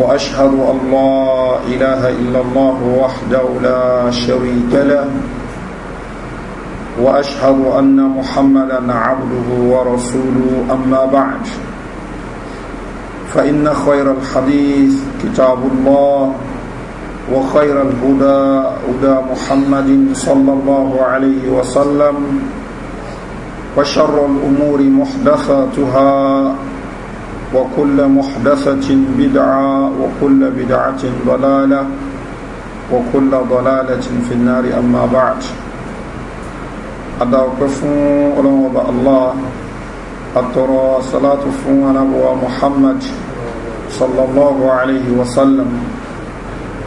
وأشهد أن لا إله إلا الله وحده لا شريك له وأشهد أن محمدا عبده ورسوله أما بعد فإن خير الحديث كتاب الله وخير الهدى هدى محمد صلى الله عليه وسلم وشر الأمور محدثاتها وكل محدثة بدعة وكل بدعة ضلالة وكل ضلالة في النار أما بعد أدعوكفون ألوم الله أترى صلاة فون أبو محمد صلى الله عليه وسلم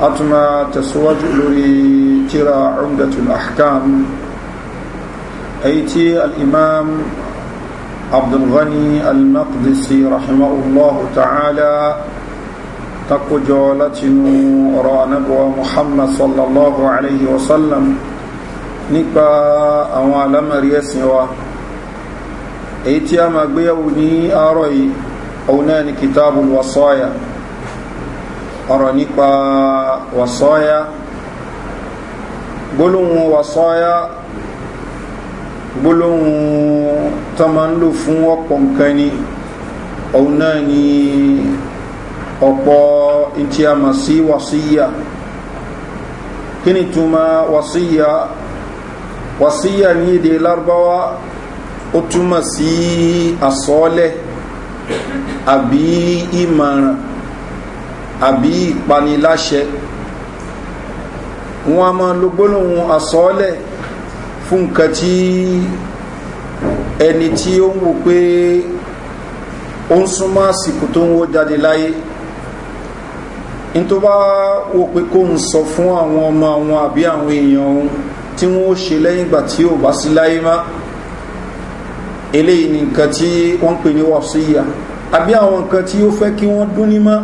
أتما تسوج لترى عمدة الأحكام أيتي الإمام عبد الغني المقدسي رحمه الله تعالى جولتنا تقجولتن رانبو محمد صلى الله عليه وسلم نكبا أوالم ريسنوا ايتيا بيوني أروي أونان كتاب الوصايا ọ̀rọ̀ nípa wàsọ́yá gbólóhun wàsọ́yá gbólóhun tó máa ń lò fún ọ̀pọ̀ nǹkan ni òun náà ni ọ̀pọ̀ ntí a mọ̀ sí wàsíyà kí ni túmọ̀ wàsíyà wàsíyà ní èdè lárúbáwá ó túmọ̀ sí àsọ́ọ́lẹ̀ àbí ìmọ̀ràn àbí ìpaniláṣẹ wọn a máa lo gbólóhùn àsọ́ọ́lẹ̀ fún nǹkan tí ẹni tí ó ń wò pé ó ń súnmọ́ àsìkò tó ń wó jáde láyé ní tó bá wò pé kó ń sọ fún àwọn ọmọ àwọn àbí àwọn èèyàn òun tí wọ́n ó ṣe lẹ́yìn ìgbà tí ò bá sí láyé má eléyìí ni nǹkan tí wọ́n ń pè ní wàsíyà àbí àwọn nǹkan tí ó fẹ́ kí wọ́n dún ní mọ́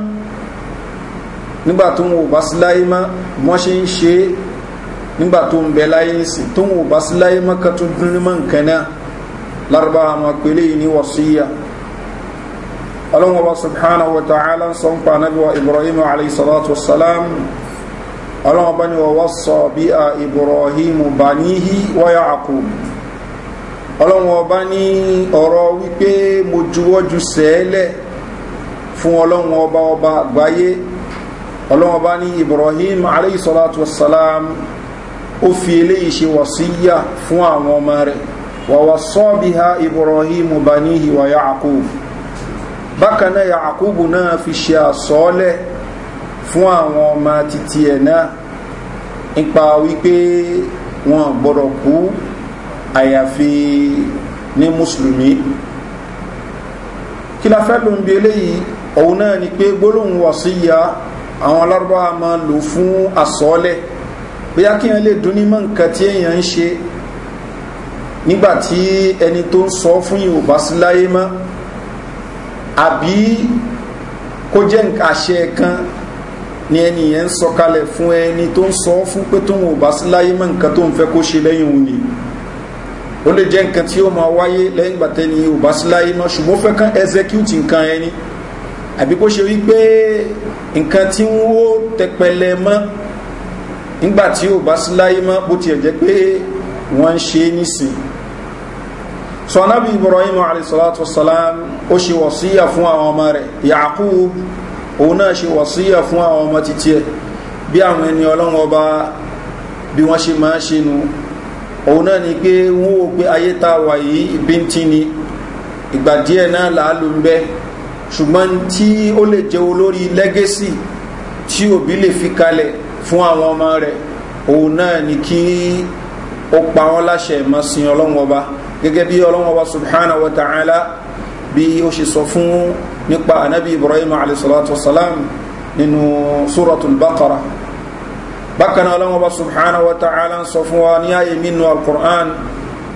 nígbà tó ń wò bá sí láyé mọ́ wọ́n ṣe ń ṣe nígbà tó ń bẹ láyé ń sìn tó ń wò bá sí láyé mọ́ kan tó dún ní mọ́ nǹkan náà larba àwọn pèlè yìí ní wàsíyà ọlọ́run ọba subhanahu wa ta'ala sọ ń pa anábì wa ibrahim alayhi salatu wa salam ọlọ́run ọba ni wa wọ́sọ̀ bí a ibrahim banihi wáyà àkùn ọlọ́run ọba ní ọ̀rọ̀ wípé mo juwọ́jú sẹ́ẹ̀lẹ̀ fún ọlọ́run ọba ọba àgbáyé ọlọ́run ọba ní ibrahim alayhisalatu wasalam ó fi eléyìí ṣe wọ̀síyà fún àwọn ọmọ rẹ̀ ووصى بها إبراهيم بنيه ويعقوب بكنا يعقوب نا في شيا صالح fún àwọn ọmọ títí ẹ̀ náà nípa wípé wọn gbọ́dọ̀ kú àyàfi ní mùsùlùmí kí la fẹ́ ló ń eléyìí òun náà ni pé gbólóhùn wàsíyà àwọn alárúbáwá máa lò fún àsọ́ọ́lẹ̀ bóyá kí wọ́n lè dún ní mọ́ nǹkan tí èèyàn ń ṣe nígbàtí ẹni tó ń sọ fún yìí ò sí láyé mọ́ àbí kó jẹ́ àṣẹ kan ni ẹni yẹn ń sọ kalẹ̀ fún ẹni tó ń sọ fún pé tóun ò bá sí láyé mọ́ nǹkan tó ń fẹ́ kó ṣe lẹ́yìn òun ni ó lè jẹ́ nǹkan tí ó máa wáyé lẹ́yìn gbàtẹ́ ni ò bá sí láyé mọ́ ṣùgbọ́n fẹ́ kán execute nǹkan ẹni àbí kó ṣe wípé nǹkan tí ń wó tẹpẹlẹ mọ́ nígbà tí sí láyé mọ́ bó tiẹ̀ jẹ́ pé wọ́n ń ṣe é nísìnyí so anabi ibrahim alayhisalatu wasalam ó ṣe wàsíyà fún àwọn ọmọ rẹ̀ yaakub òun náà ṣe wàsíyà fún àwọn ọmọ títí ẹ̀ bí àwọn ẹni ọlọ́wọ́ bá bí wọ́n ṣe máa ṣe nu òun náà ni pé wọ́n wò pé ayé tá a wà yìí bíntín ni ìgbà díẹ̀ náà làálù ń bẹ́ ṣùgbọ́n tí ó lè jẹ́ olórí lẹ́gẹ́sì tí òbí lè fi kalẹ̀ fún àwọn ọmọ rẹ̀ òun náà ni kí ó pa wọ́n láṣẹ ìmọ̀sìn ọlọ́wọ́ bá gẹ́gẹ́ bí ọlọ́wọ́n wa subhanahu wa ta'ala bí ó ṣe sọ fún nípa anabi ibrahim alayhisalatu wasalam nínú suratul baqara bákan ọlọ́wọ́n wa subhanahu wa ta'ala sọ fún wa ní ayé minnu alqur'an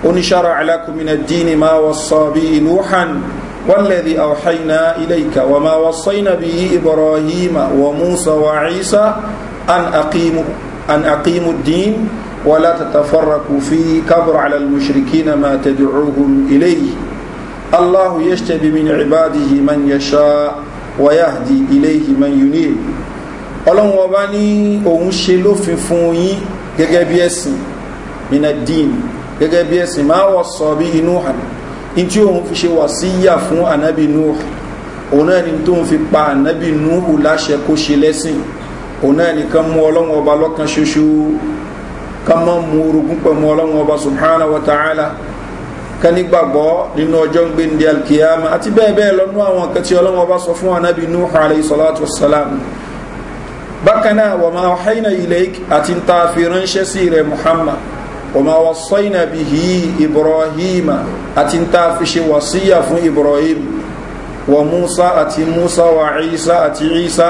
oníṣàrà alákùnmínà díni máa wà sọ́bí nuhan والذي أوحينا إليك وما وصينا به إبراهيم وموسى وعيسى أن أقيموا أن أقيموا الدين ولا تتفرقوا فيه كبر على المشركين ما تدعوهم إليه الله يجتبي من عباده من يشاء ويهدي إليه من ينيب ọlọ́run ọba ní òun ṣe lófin fún yín gẹ́gẹ́ bí ẹ̀sìn mina dín gẹ́gẹ́ bí ẹ̀sìn máa wọ̀ sọ bí inú hàn ní tí òun fi ṣe wà sí yà fún ànábì nuh òun náà ni tó ń fi pa ànábì nuh láṣẹ kó ṣe lẹ́sìn òun náà nìkan mú ọlọ́run ọba lọ́kan ṣoṣo ká má mú orogún pẹ̀mú ọlọ́run ọba subhana wa ta'ala ká nígbàgbọ́ nínú ọjọ́ ń gbé ní alkiyama àti bẹ́ẹ̀ bẹ́ẹ̀ lọ́nú àwọn kan tí ọlọ́run ọba sọ fún anabi nuhu alayhi salatu wasalam bákan náà wà máa ọ̀hẹ́nà ilẹ̀ àti ń ta fi ránṣẹ́ sí rẹ̀ muhammad wà máa wà bihi ibrahim àti ń ta fi ṣe fún ibrahim wa musa àti musa wa isa àti isa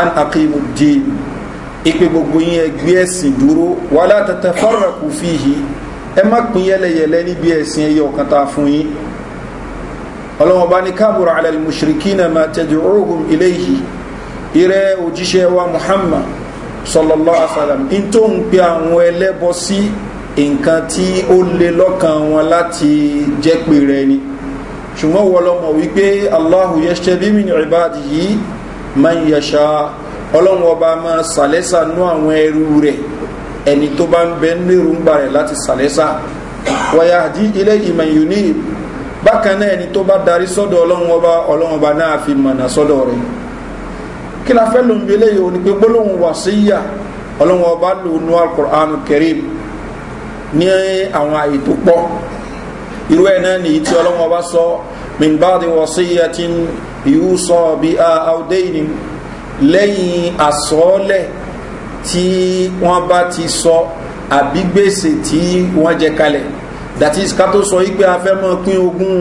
an aqimu din ìpè gbogbo yín ẹgbẹ́ ẹ̀sìn dúró wàhálà tẹtẹ fọ́ọ̀rọ̀ kù fi yìí ẹ má pín yẹlẹyẹlẹ níbi ẹ̀sìn ẹyẹ ọ̀kan tá a fún yín ọlọ́wọ́n bá ní káàbùrọ̀ alẹ́ mùsùlùkì náà máa tẹ̀jú ọ̀hún ilé yìí ìrẹ́ òjíṣẹ́ wa muhammad sọlọ́lọ́ asàlám in tó ń pe àwọn ẹlẹ́bọ sí nǹkan tí ó le lọ́kàn wọn láti jẹ́ pé rẹ ni ṣùgbọ́n wọlọ́mọ̀ wípé aláhùn yẹ́ṣẹ́ bí mi ní ìbáàdì yìí máa ń yẹ̀ṣà ọlọ́run ọba máa sàlẹ́sà nú àwọn ẹrú rẹ̀ ẹni tó bá ń bẹ ní èròǹgbà rẹ̀ láti sàlẹ́sà wọ́yà àdí ilé ìmọ̀ ìyóní bákan náà ẹni tó bá darí sọ́dọ̀ ọba náà fi mọ̀nà sọ́dọ̀ rẹ̀ kí la fẹ́ ló ń pé gbólóhùn wà sí yà lò nú alukur'an ní àwọn pọ̀ irú ẹ̀ náà nìyí tí sọ mìnbáàdì sí yà sọ lẹ́yìn àsọ́ọ́lẹ̀ tí wọ́n bá ti sọ àbí gbèsè tí wọ́n jẹ kalẹ̀ that is ká tó sọ wípé a fẹ́ mọ́ pín ogún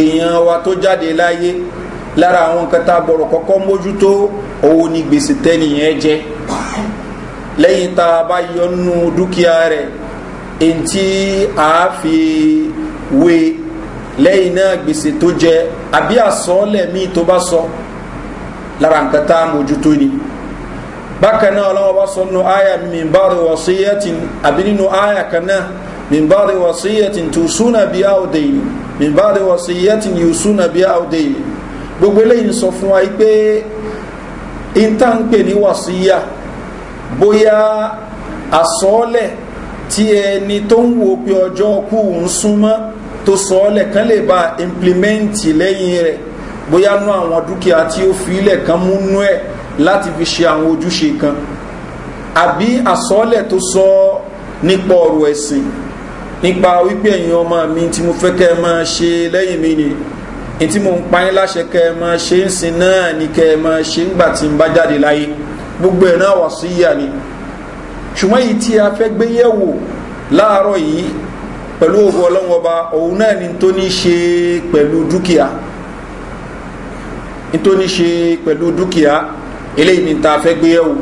èèyàn wa tó jáde láyé lára àwọn nǹkan tá a bọ̀rọ̀ kọ́kọ́ mójútó òun ni gbèsè tẹ́nìyàn jẹ lẹ́yìn tá a bá yọ nínú dúkìá rẹ̀ èyí tí a fi wé lẹ́yìn náà gbèsè tó jẹ àbí àsọ́ọ́lẹ̀ míì tó bá sọ. So lára nǹkan tá a mójútó ni bákan náà ọlọ́wọ́ bá sọ nínú àyà mìbáre wọ̀síyẹ́tìn àbí nínú àyà kan náà mìbáre wọ̀síyẹ́tìn tó súnà bí a ò dèyìn mìbáre wọ̀síyẹ́tìn yóò súnà bí a ò dèyìn gbogbo eléyìí sọ fún wa pé ìta ń pè ní wàsíyà bóyá àsọ́ọ́lẹ̀ tí ẹni tó ń wo pé ọjọ́ kù ń súnmọ́ tó sọ́ọ́lẹ̀ kan lè ba implimenti lẹ́yìn rẹ̀ bóyá nú àwọn dúkìá tí ó fi ilẹ̀ kan mú nú ẹ̀ láti fi ṣe àwọn ojúṣe kan àbí àsọ́lẹ̀ tó sọ nípa ọ̀rọ̀ ẹ̀sìn nípa wípé ẹ̀yin ọmọ mi tí mo fẹ́ kẹ́ ẹ máa ṣe lẹ́yìn mi ni ní tí mo ń pa yín láṣẹ kẹ́ ẹ máa ṣe ń sin náà ni kẹ́ ẹ máa ṣe ńgbà tí ń bá jáde láyé gbogbo ẹ̀ náà wà sí yíyà ni ṣùgbọ́n èyí tí a fẹ́ gbé yẹ̀wò láàárọ̀ yìí pẹ̀lú ògo ọlọ́wọ́ba òun náà ni tó ní ṣe pẹ̀lú dúkìá nítorí ṣe pẹ̀lú dúkìá eléyìí ni ta fẹ́ gbé ẹ̀wò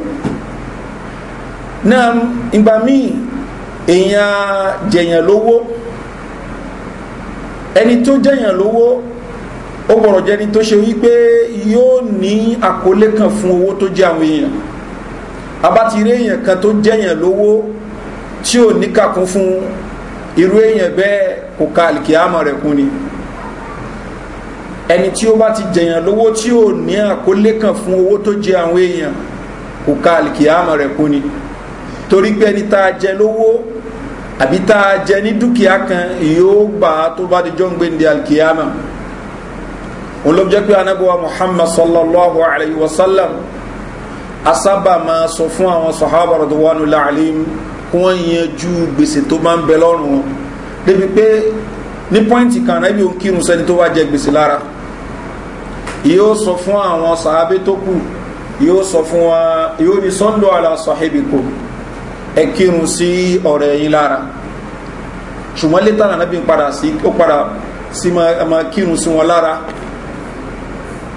náà ìgbà míì èèyàn jẹ̀yàn lówó ẹni tó jẹ̀yàn lówó ó gbọ́dọ̀ jẹni tó ṣe wípé yóò ní àkólé kan fún owó tó jẹ́ àwọn èèyàn abátiri èèyàn kan tó jẹ̀yàn lówó tí ò níkàkún fún irú èèyàn bẹ́ẹ̀ kò ka àlìkíyàmọ̀ rẹ̀ kún ni ẹni tí ó bá ti jẹyàn lówó tí ò ní àkólé kan fún owó tó jẹ àwọn èèyàn kò ka àlìkìyàmọ̀ rẹ̀ kú ni torí pé ẹni tá a jẹ lówó àbí tá a jẹ ní dúkìá kan yóò gbà á tó bá di jọ́ǹgbé ní àlìkìyàmọ̀ òun ló jẹ́ pé anábọ̀wá muhammad sallallahu alayhi wa sallam asábà máa sọ fún àwọn sọ̀hábà rọ̀dọ̀wánu làálìm kí wọ́n yanjú gbèsè tó máa ń bẹ lọ́rùn wọn débi pé ní pọ́ìntì kan náà ibi òun kírun sẹ́ni tó wá jẹ gbèsè lára yóò sọ fún àwọn sàábé tó kù yóò sọ fún wa yóò ní sọ́ńdọ̀ aláṣọ́hébìkò ẹ kírun sí ọ̀rọ̀ ẹ̀yìn lára ṣùgbọ́n létà náà bí padà sí ó padà sí ma kírun sí wọn lára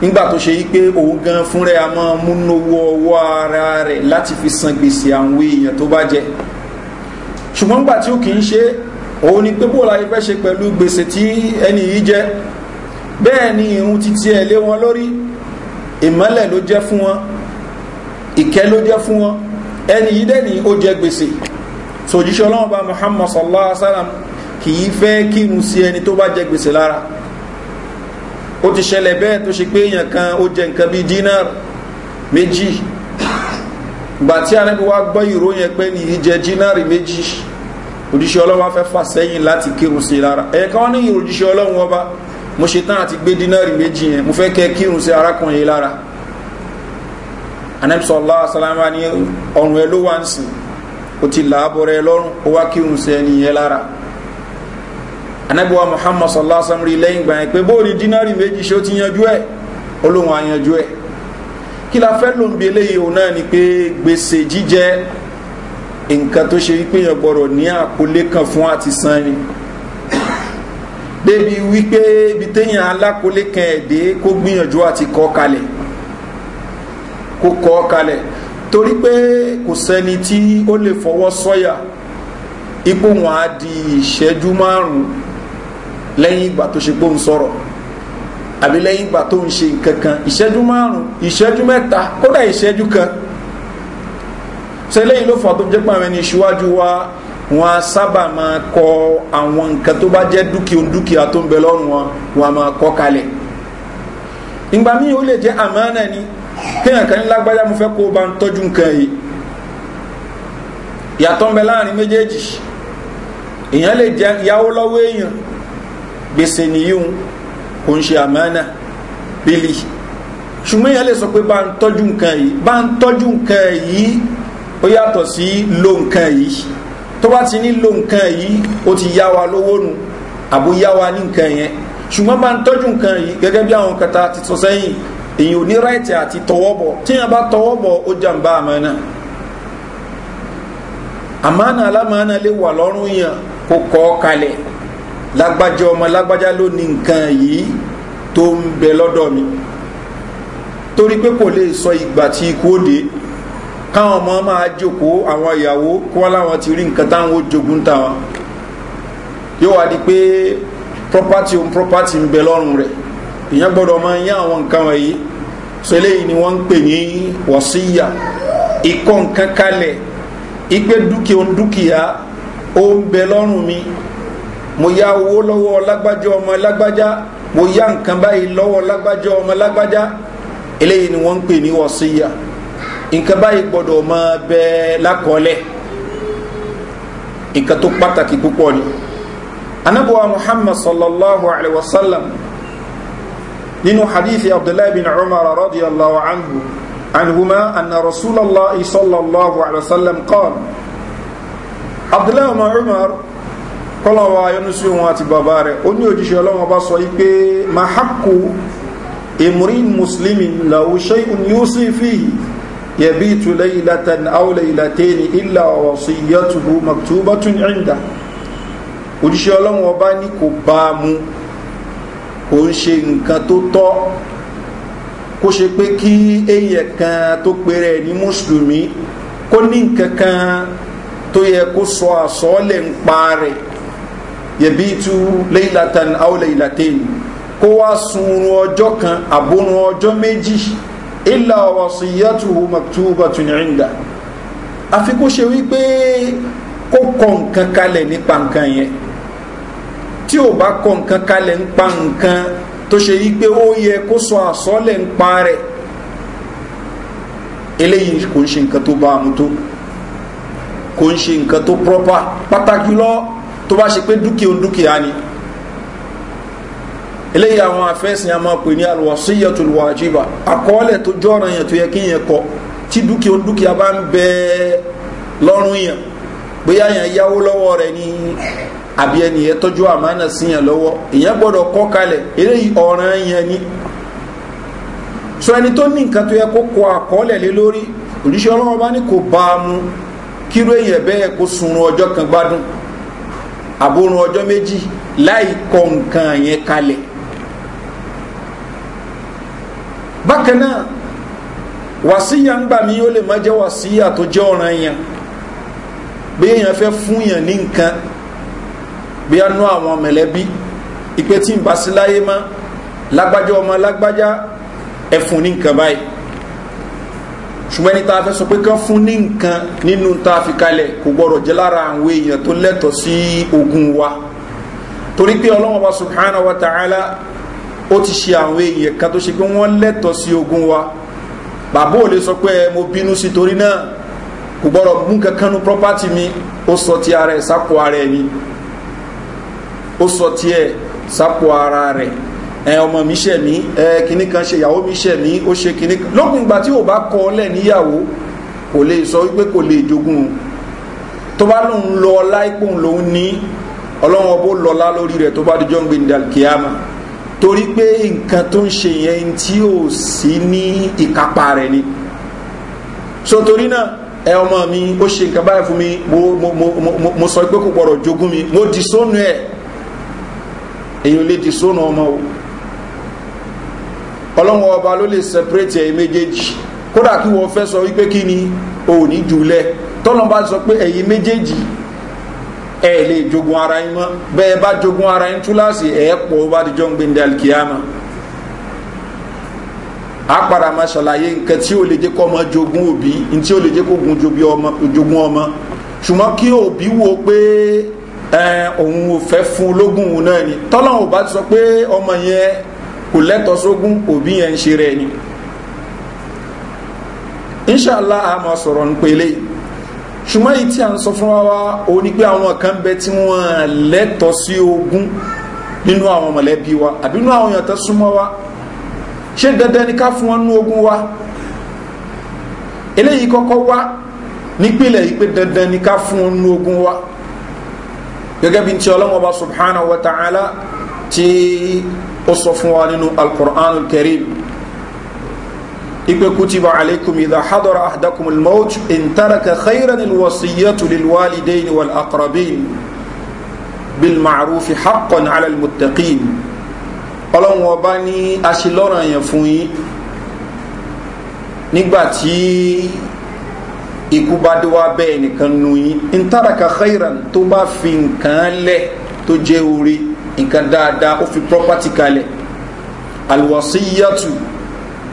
nígbà tó ṣe yí pé òun gan fúnra ẹ̀ a máa múnú owó ọwọ́ ara rẹ̀ láti fi san gbèsè àwọn èèyàn tó bá jẹ ṣùgbọ́n nígbà tí ó kì í ṣe òun ni pé bó la fẹ́ ṣe pẹ̀lú gbèsè tí ẹni yìí jẹ́ bẹ́ẹ̀ ni irun titi ẹ̀ lé wọn lórí ìmọ́lẹ̀ ló jẹ́ fún wọn ìkẹ́ ló jẹ́ fún wọn ẹni yìí dẹ́ni ó jẹ gbèsè sòjíṣẹ́ ọlọ́run bá muhammad sallallahu alaihi wasallam sallam kì í fẹ́ kírun sí ẹni tó bá jẹ gbèsè lára ó ti ṣẹlẹ̀ bẹ́ẹ̀ tó ṣe pé èèyàn kan ó jẹ nǹkan bíi dinar méjì gbà tí anábí wá gbọ́ ìròyìn ẹgbẹ́ ni ìjẹ dinar méjì òjíṣẹ́ ọlọ́run wá fẹ́ fà sẹ́yìn láti kírun sí lára ẹ̀ẹ̀kan ní ìròjíṣẹ́ ọlọ́run ọba mo ṣe tán àti gbé dínárì méjì yẹn mo fẹ́ kẹ́ kírun sí arákùnrin lára anabi sallallahu alaihi wasallam ní ọrùn ẹ ló wá ń sìn o ti làábọ̀ rẹ lọ́rùn ó wá kírun sí ẹni yẹn lára anabi muhammad sallallahu alaihi wasallam rí lẹ́yìn gbà yẹn pé bóòlì dínárì méjì ṣe ó ti yanjú ẹ̀ olóhùn àyanjú ẹ̀ kí la fẹ́ ló ń bi eléyìí òun náà ni pé gbèsè jíjẹ nǹkan tó ṣe wípé yẹn gbọ́dọ̀ ní àpolé kan fún àti san ni débi wípé ibi téèyàn alákòólé kan ẹ̀dẹ́ kó gbìyànjú àti kọ́ kalẹ̀ kó kọ́ kalẹ̀ torí pé kò sẹ́ni tí ó lè fọwọ́ sọ́yà ipò wọn á di ìṣẹ́jú márùn-ún lẹ́yìn ìgbà tó ṣe pé ó ń sọ̀rọ̀ àbí lẹ́yìn ìgbà tó ń ṣe nǹkan kan ìṣẹ́jú márùn-ún ìṣẹ́jú mẹ́ta kódà ìṣẹ́jú kan sẹ́lẹ̀yìn ló fà tó jẹ́ pàmẹ́ ní ìṣíwájú wa wọn a sábà máa kọ àwọn nǹkan tó bá jẹ́ dúkìá dúkìá tó ń bẹ lọ́rùn wọn wọn a máa kọ kalẹ̀ ìgbà míì ó lè jẹ́ àmánà ni kéèyàn kan lágbájá mo fẹ́ kó o bá ń tọ́jú nǹkan yìí yàtọ̀ ń bẹ láàrin méjèèjì èèyàn lè jẹ yàwó lọ́wọ́ èèyàn gbèsè nìyíhun kò ń ṣe àmánà bílí ṣùgbọ́n èèyàn lè sọ pé bá ń tọ́jú nǹkan yìí bá ń tọ́jú nǹkan yìí ó yàtọ̀ sí lo nǹkan yìí tó bá ti nílò nǹkan yìí ó ti yá wa lówó nu àbó yá wa ní nǹkan yẹn ṣùgbọ́n bá ń tọ́jú nǹkan yìí gẹ́gẹ́ bí àwọn kẹta ti sọ sẹ́yìn èyàn ò ní ráìtì àti tọwọ́bọ̀ tí yẹn bá tọwọ́bọ̀ ó jàǹbá àmọ́nà àmọ́nà alámọ́nà lè wà lọ́rùn yẹn kó kọ́ kalẹ̀ lágbájá ọmọ lágbájá ló ní nǹkan yìí tó ń bẹ lọ́dọ̀ mi torí pé kò lè sọ ìgbà tí ikú ó dé káwọn ọmọ máa jókòó àwọn ìyàwó kó wá láwọn ti rí nǹkan táwọn ó jogún táwọn yóò wá di pé property on property ń bẹ lọ́rùn rẹ̀ ìyẹn gbọ́dọ̀ máa yá àwọn nǹkan wọ̀nyí so eléyìí ni wọ́n ń pè ní wọ̀síyà ikọ́ nǹkan kalẹ̀ ipe dúkìá on dúkìá ó ń bẹ lọ́rùn mi mo yá owó lọ́wọ́ lágbájá ọmọ lágbájá mo yá nǹkan báyìí lọ́wọ́ lágbájá ọmọ lágbájá eléyìí ni wọ́n ń pè ní wọ̀síyà nǹkan báyìí gbọ́dọ̀ máa bẹ lákọọ́lẹ̀ nǹkan tó pàtàkì púpọ̀ ni anabuwa muhammad sallallahu alaihi wa sallam nínú hadithi abdullahi bin umar radiyallahu anhu anhuma anna rasulallah sallallahu alaihi wa sallam qaal abdullahi bin umar kọ́lọ́wọ́ ayọ́nusí wọn àti bàbá rẹ̀ ó ní òjíṣẹ́ ọlọ́wọ́ bá sọ yí pé mahaku imrin muslimin lahu shay'un yusi يبيت ليلة أو ليلتين إلا وصيته مكتوبة عنده òjíṣẹ́ ọlọ́run ọba ní kò bá a mu kò ń ṣe nǹkan tó tọ́ kó ṣe pé kí èèyàn kan tó pèrè ní mùsùlùmí kó ní nǹkan kan tó yẹ kó sọ àsọ́ọ́lẹ̀ ń pa rẹ̀ yẹ̀bí aw leilatain kó wá sunrun ọjọ́ kan àbórun ọjọ́ méjì ilà wàsíyàtù maktuba tùnìrìndà àfi kó ṣe wípé kó kọ nǹkan kalẹ̀ nípa nǹkan yẹn tí ò bá kọ nǹkan kalẹ̀ nípa nǹkan tó ṣe wípé ó yẹ kó sọ àsọ́lẹ̀ nípa rẹ̀ eléyìí kò ń ṣe nǹkan tó bá mu kò ń ṣe nǹkan tó proper pàtàkì lọ tó bá ṣe pé dúkìá dúkìá ni eléyìí àwọn afẹ́sìn a máa pè ní alwasiyatul wajiba àkọọ́lẹ̀ tó jọ́ràn yẹn tó yẹ kí yẹn kọ tí dúkìá dúkìá bá ń bẹ lọ́rùn yẹn bóyá yẹn yáwó lọ́wọ́ rẹ̀ ní àbí ẹni yẹn tọ́jú àmánà sí yẹn lọ́wọ́ ìyẹn gbọ́dọ̀ kọ́ kalẹ̀ eléyìí ọ̀ràn yẹn ni sọ ẹni tó ní nǹkan tó yẹ kó kọ àkọọ́lẹ̀ lé lórí òjíṣẹ́ ọlọ́wọ́ bá ní kò bákan náà wàsíyà ń gbà mí ó lè má jẹ́ wàsíyà tó jẹ́ ọ̀ràn yẹn bí èèyàn fẹ́ fún yàn ní nǹkan bí anú àwọn mẹ̀lẹ́bí ìpè tí ń bá sí láyé má lágbájá ọmọ lágbájá ẹ̀fún ní nǹkan báyìí ṣùgbọ́n ẹni tá fẹ́ sọ pé kán fún ní nǹkan nínú tá fi kalẹ̀ kò gbọ́dọ̀ jẹ́ lára àwọn èèyàn tó lẹ́tọ̀ọ́ sí ogun wa torí pé ọlọ́wọ́n bá subhanahu wa ta'ala ó ti ṣe àwọn èèyàn kan tó ṣe pé wọ́n lẹ́tọ̀ọ́ sí ogun wa bàbá ò lè sọ pé mo bínú sí torí náà kò gbọ́dọ̀ mú kankan nu property mi ó sọ ti ara ẹ̀ sápò ara ẹ̀ ni ó sọ tiẹ̀ sápò ara rẹ̀ ẹ ọmọ mi ṣẹ̀ mí ẹ kinní kan ṣe ìyàwó mi ṣẹ̀ mí ó ṣe kinní kan lókun ìgbà tí ò bá kọ ọ lẹ̀ kò lè sọ wípé kò lè jogún tó bá lòun lọ ọlá ipò òun lòun ní ọlọ́run ọbó lọ́lá lórí rẹ̀ tó bá dijọ́ ń gbé ní dàlùkìyàmá torí pé nǹkan tó ń ṣe yẹn tí ò sí ní ìkápá rẹ̀ ni so torí náà ẹ ọmọ mi ó ṣe nǹkan báyìí fún mi mo mo mo mo sọ pé kò gbọdọ̀ jogún mi mo di sónú ẹ̀ èyí ò lè di sónú ọmọ o ọlọ́wọ́n ọba ló lè separate ẹ̀ méjèèjì kódà kí wọ́n fẹ́ sọ wípé kí ni òní jùlẹ̀ tọ́lọ́mbà sọ pé ẹ̀yin méjèèjì ẹ lè jogun ara yín mọ́ bẹ́ẹ̀ bá jogun ara yín túláàsì ẹ̀ pọ̀ bá di jọ́ ń gbẹ̀ndẹ̀ alikiyama apara ma ṣàlàyé nǹkan tí ó lè jẹ́ kó ọmọ jogun òbí tí ó lè jẹ́ kó gun jogun ọmọ ṣùgbọ́n kí òbí wo pé òun ò fẹ́ fún ológun òun náà ni tọ́lọ́hún ò bá sọ pé ọmọ yẹn kò lẹ́tọ̀ọ́ sógún òbí yẹn ń ṣe rẹ̀ ni inṣàlá àmọ́ sọ̀rọ̀ ń yìí ṣùgbọ́n èyí tí a ń sọ fún wa ó ní pé àwọn kan bẹ tí wọ́n lẹ́tọ̀ọ́ sí ogún nínú àwọn mọ̀lẹ́bí wa àbí nínú àwọn èèyàn tó súnmọ́ wa ṣé dandan ni ká fún wọn ní ogún wa eléyìí kọ́kọ́ wá nípìnlẹ̀ yìí pé dandan ni ká fún wọn ní ogún wa gẹ́gẹ́ bí tí ọlọ́wọ́ bá subhanahu wa ta'ala tí ó sọ fún wa nínú al-Qur'anul ipe kutiba aleikum idha hadara ahdakum almaut in taraka khayran alwasiyatu lilwalidayn walaqrabin bilma'rufi haqqan ala almuttaqin ọlọ́run ọba ní aṣelọ́ràn yẹn fún yín nígbà tí ikú bá dé wá bẹ́ẹ̀ nìkan nu yín in taraka khayran tó bá fi nǹkan lẹ̀ tó jẹ́ orí nǹkan dáadáa ó fi property kalẹ̀ alwasiyatu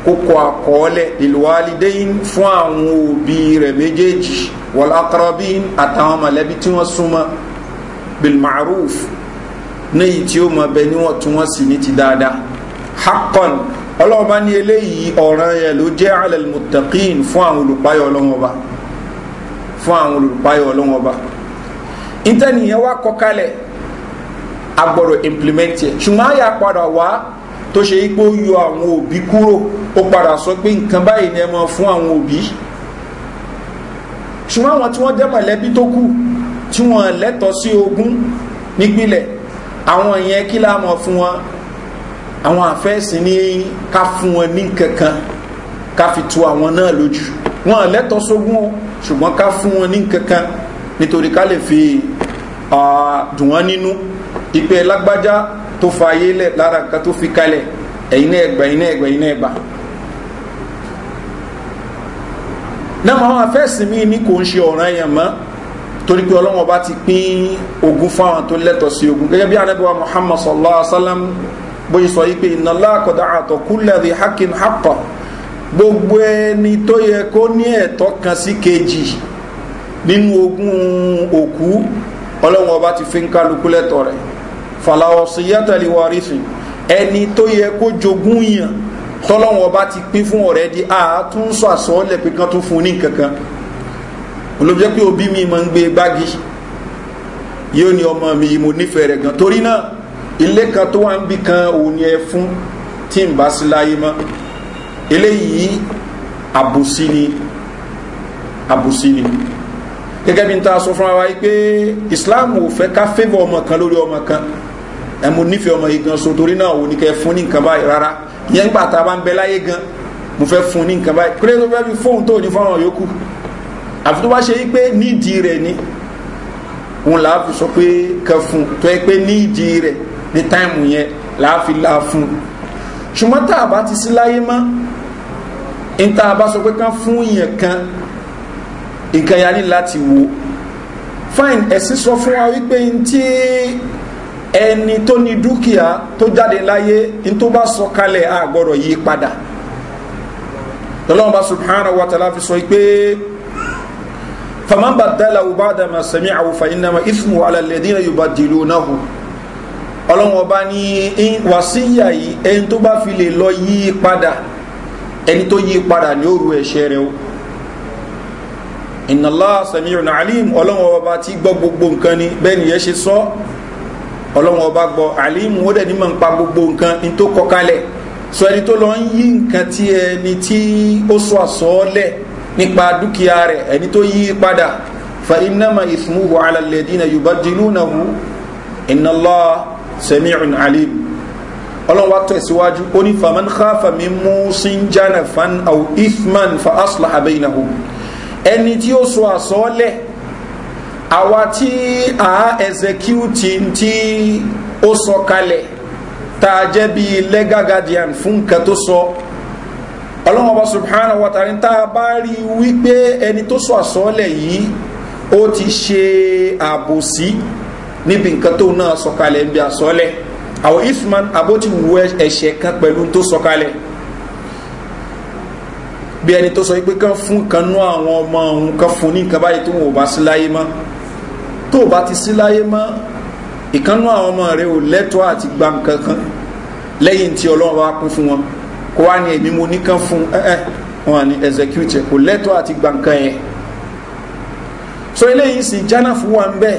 kó kọ àkọọ́lẹ̀ lilwalidain fún àwọn òbí rẹ̀ méjèèjì wal aqrabin àtàwọn mọ̀lẹ́bí tí wọ́n súnmọ́ bil ma'ruf ní èyí tí ó mọ̀ bẹ níwọ̀n tí wọ́n sì ní ti dáadáa haqqan ọlọ́run bá eléyìí ọ̀ràn yẹn ló jẹ́ ala al-muttaqin fún àwọn olùpáyọ̀ ọlọ́wọ́n ọba fún àwọn olùpáyọ̀ ọlọ́wọ́n ọba ìtẹ́nìyẹn wá kọ kalẹ̀ agbọ́dọ̀ implement yẹ ṣùgbọ́n àyà tó ṣe ipò yọ àwọn òbí kúrò ó padà sọ pé nǹkan báyìí ni ẹ mọ fún àwọn òbí ṣùgbọ́n àwọn tí wọ́n jẹ́ mọ̀lẹ́bí tó kù tí wọ́n lẹ́tọ̀ sí ogún nípìnlẹ̀ àwọn yẹn kí la mọ̀ fún wọn àwọn àfẹ́sìn ní ká fún wọn ní kankan ká fi tu àwọn náà lójú wọn lẹ́tọ̀ sógún o ṣùgbọ́n ká fún wọn ní kankan nítorí ká lè fi dùn wọ́n nínú ìpè lágbájá tó fa ayé lẹ̀ lára nǹkan tó fi kalẹ̀ ẹ̀yin náà ẹgbà ẹ̀yin náà ẹgbà ẹ̀yin náà ẹgbà. náà àwọn afẹ́sìn mi ni kò ń ṣe ọ̀ràn yẹn mọ́ torí pé ọlọ́wọ́n bá ti pín ogun fáwọn tó lẹ́tọ̀ sí ogun gẹ́gẹ́ bí anábíwá muhammad sallallahu alaihi wa sallam bóyá sọ yìí pé iná láàkọ̀dá àtọ̀ kúlẹ̀ rí hakin hapa gbogbo ẹni tó yẹ kó ní ẹ̀tọ́ kan sí kejì nínú ogun òkú ọlọ́wọ́n bá ti fi ń kálukú lẹ́tọ̀ rẹ̀ falawasiyata li warisi ẹni tó yẹ kó jogún yàn tọ́lọ́wọ́n bá ti pín fún ọ̀rẹ́ di a tún sọ àsọ́ọ́lẹ̀ pé kan tún fún ní kankan olóbìjẹ́ pé òbí mi máa ń gbé gbági yóò ní ọmọ mi mo nífẹ̀ẹ́ rẹ̀ gan torí náà ilé kan tó wà ń bì kan òun ni fún tí n bá sí láyé mọ́ eléyìí àbòsí ni àbòsí ni gẹ́gẹ́ bí n ta sọ fún wa wáyé pé islam ò fẹ́ ká fẹ́fọ̀ ọmọ kan lórí ọmọ kan ẹ mo nífẹ̀ẹ́ ọmọ yìí gan so torí náà òun ni kẹ́ fún ní nǹkan báyìí rárá ìyẹn nígbà tá a bá ń bẹ láyé gan mo fẹ́ fún ní nǹkan báyìí kúrẹ́ tó fẹ́ fi fóun tó ní fọ́nrán yòókù àfi tó bá ṣe yí pé nídìí rẹ̀ ni òun là á fi sọ pé kẹ́ fún tó yẹ pé nídìí rẹ̀ ní táìmù yẹn là á fi là á fún ṣùgbọ́n tá a bá ti sí láyé mọ́ n tá a bá sọ pé kán fún yẹn kan nǹkan yarí láti wo fine ẹ̀sìn sọ fún wa wípé n ẹni tó ní dúkìá tó jáde láyé tó bá sọ kalẹ̀ a gbọ́dọ̀ yí padà lọ́lọ́mọba subhanahu wa ta'ala fi sọ pé faman badala ubada ma sami awo fa inama ifmu ala ladina yubadilunahu ọlọ́mọba ní wàsíyà yìí ẹni tó bá fi lè lọ yí padà ẹni tó yí padà ní òru ẹ̀ṣẹ̀ rẹ̀ o inna allah sami'un alim ọlọ́mọba ti gbọ́ gbogbo nǹkan ni bẹ́ẹ̀ ni yẹ ṣe sọ ọlọ́run ọba gbọ́ àlímù ó dẹ̀ ní mọ̀ ń pa gbogbo nǹkan ní tó kọkalẹ̀ sọ ẹni tó lọ ń yí nǹkan tí ẹni tí ó sọ àsọ́ọ́lẹ̀ nípa dúkìá rẹ̀ ẹni tó yí padà fa ináma ìsúnmùhù alàlẹ́dínà yorùbá dìlúnàwó iná lọ sẹ́mi ìrìn àlím ọlọ́run wa tẹ̀síwájú ó ní faman khafa mi mú sinjana fan au ifman fa asla abẹ́yìnàwó ẹni tí ó sọ àsọ́ọ́lẹ̀ àwa tí a execute tí ó sọ kalẹ̀ tá a jẹ́ bí legal guardian fún nǹkan tó sọ ọlọ́wọ́n bá subhanahu wa ta'ala tá a bá rí wípé ẹni tó sọ àsọ́ọ́lẹ̀ yìí ó ti ṣe àbòsí níbi nǹkan tó náà sọ kalẹ̀ níbi àsọ́ọ́lẹ̀ àwọn isman abóti wù ẹ̀ṣẹ̀ kan pẹ̀lú tó sọ kalẹ̀ bí ẹni tó sọ pé kán fún kanú àwọn ọmọ òun kan fún ní nǹkan báyìí tó wọn ò bá sí láyé mọ́ tó o bá ti sí láyé mọ́ ìkánú àwọn ọmọ rẹ ò lẹ́tọ́ àti gba nǹkan kan lẹ́yìn tí ọlọ́run bá kún fún wọn kó wá ní èmi mo níkan fún eh, eh, wọn ni execute kò lẹ́tọ́ àti gba nǹkan yẹn so eléyìí sì jánàfù wà ń bẹ́ẹ̀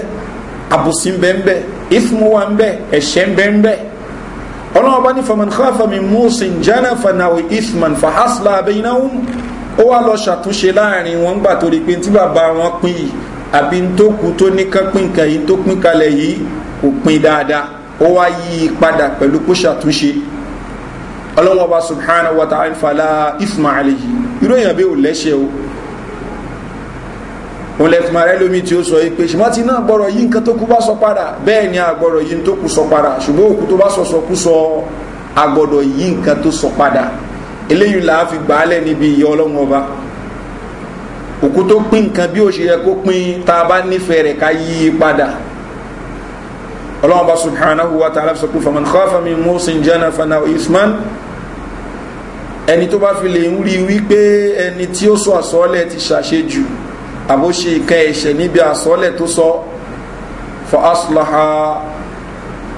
àbùsí ń bẹ́ ń bẹ́ ìfúnmu wa ń bẹ́ ẹ̀ṣẹ̀ ń bẹ́ ń bẹ́ ọlọ́run bá ní faman khafa min musin janafa nawe ithman fa hasla abẹ́yìnáwó ó wá lọ ṣàtúnṣe láàrin wọn gbà torí àbí tó kú tó ní kán pín nǹkan yìí tó pín kalẹ̀ yìí kò pín dáadáa ó wá yí padà pẹ̀lú kó ṣàtúnṣe ọlọ́wọ́n bá subhana wa ta'ala fàlà ifma alayhi irú èèyàn bí ò lẹ́ṣẹ̀ o òun lẹ́fì máa rẹ́ lómi tí ó sọ pé ṣùgbọ́n tí náà gbọ́rọ̀ yí nǹkan tó kú bá sọ padà bẹ́ẹ̀ ni àgbọ̀rọ̀ yí tó sọ padà ṣùgbọ́n òkú tó bá sọ sọ kú sọ àgbọ̀dọ̀ yí nǹkan tó sọ padà eléyìí làá fi gbàálẹ̀ níbi ìyá ọlọ́wọ́n ọba òkú tó pín nǹkan bí ó ṣe yẹ kó pín tá a bá nífẹ̀ẹ́ rẹ̀ ká yí i padà ọlọ́run bá subhanahu wa ta'ala sọ pé faman khafa min musin jana fana isman ẹni tó bá fi lè ń rí wípé ẹni tí ó sọ àsọ́ọ́lẹ̀ ti ṣàṣejù àbó ṣe ìka ẹ̀ṣẹ̀ níbi àsọ́ọ́lẹ̀ tó sọ fa aslaha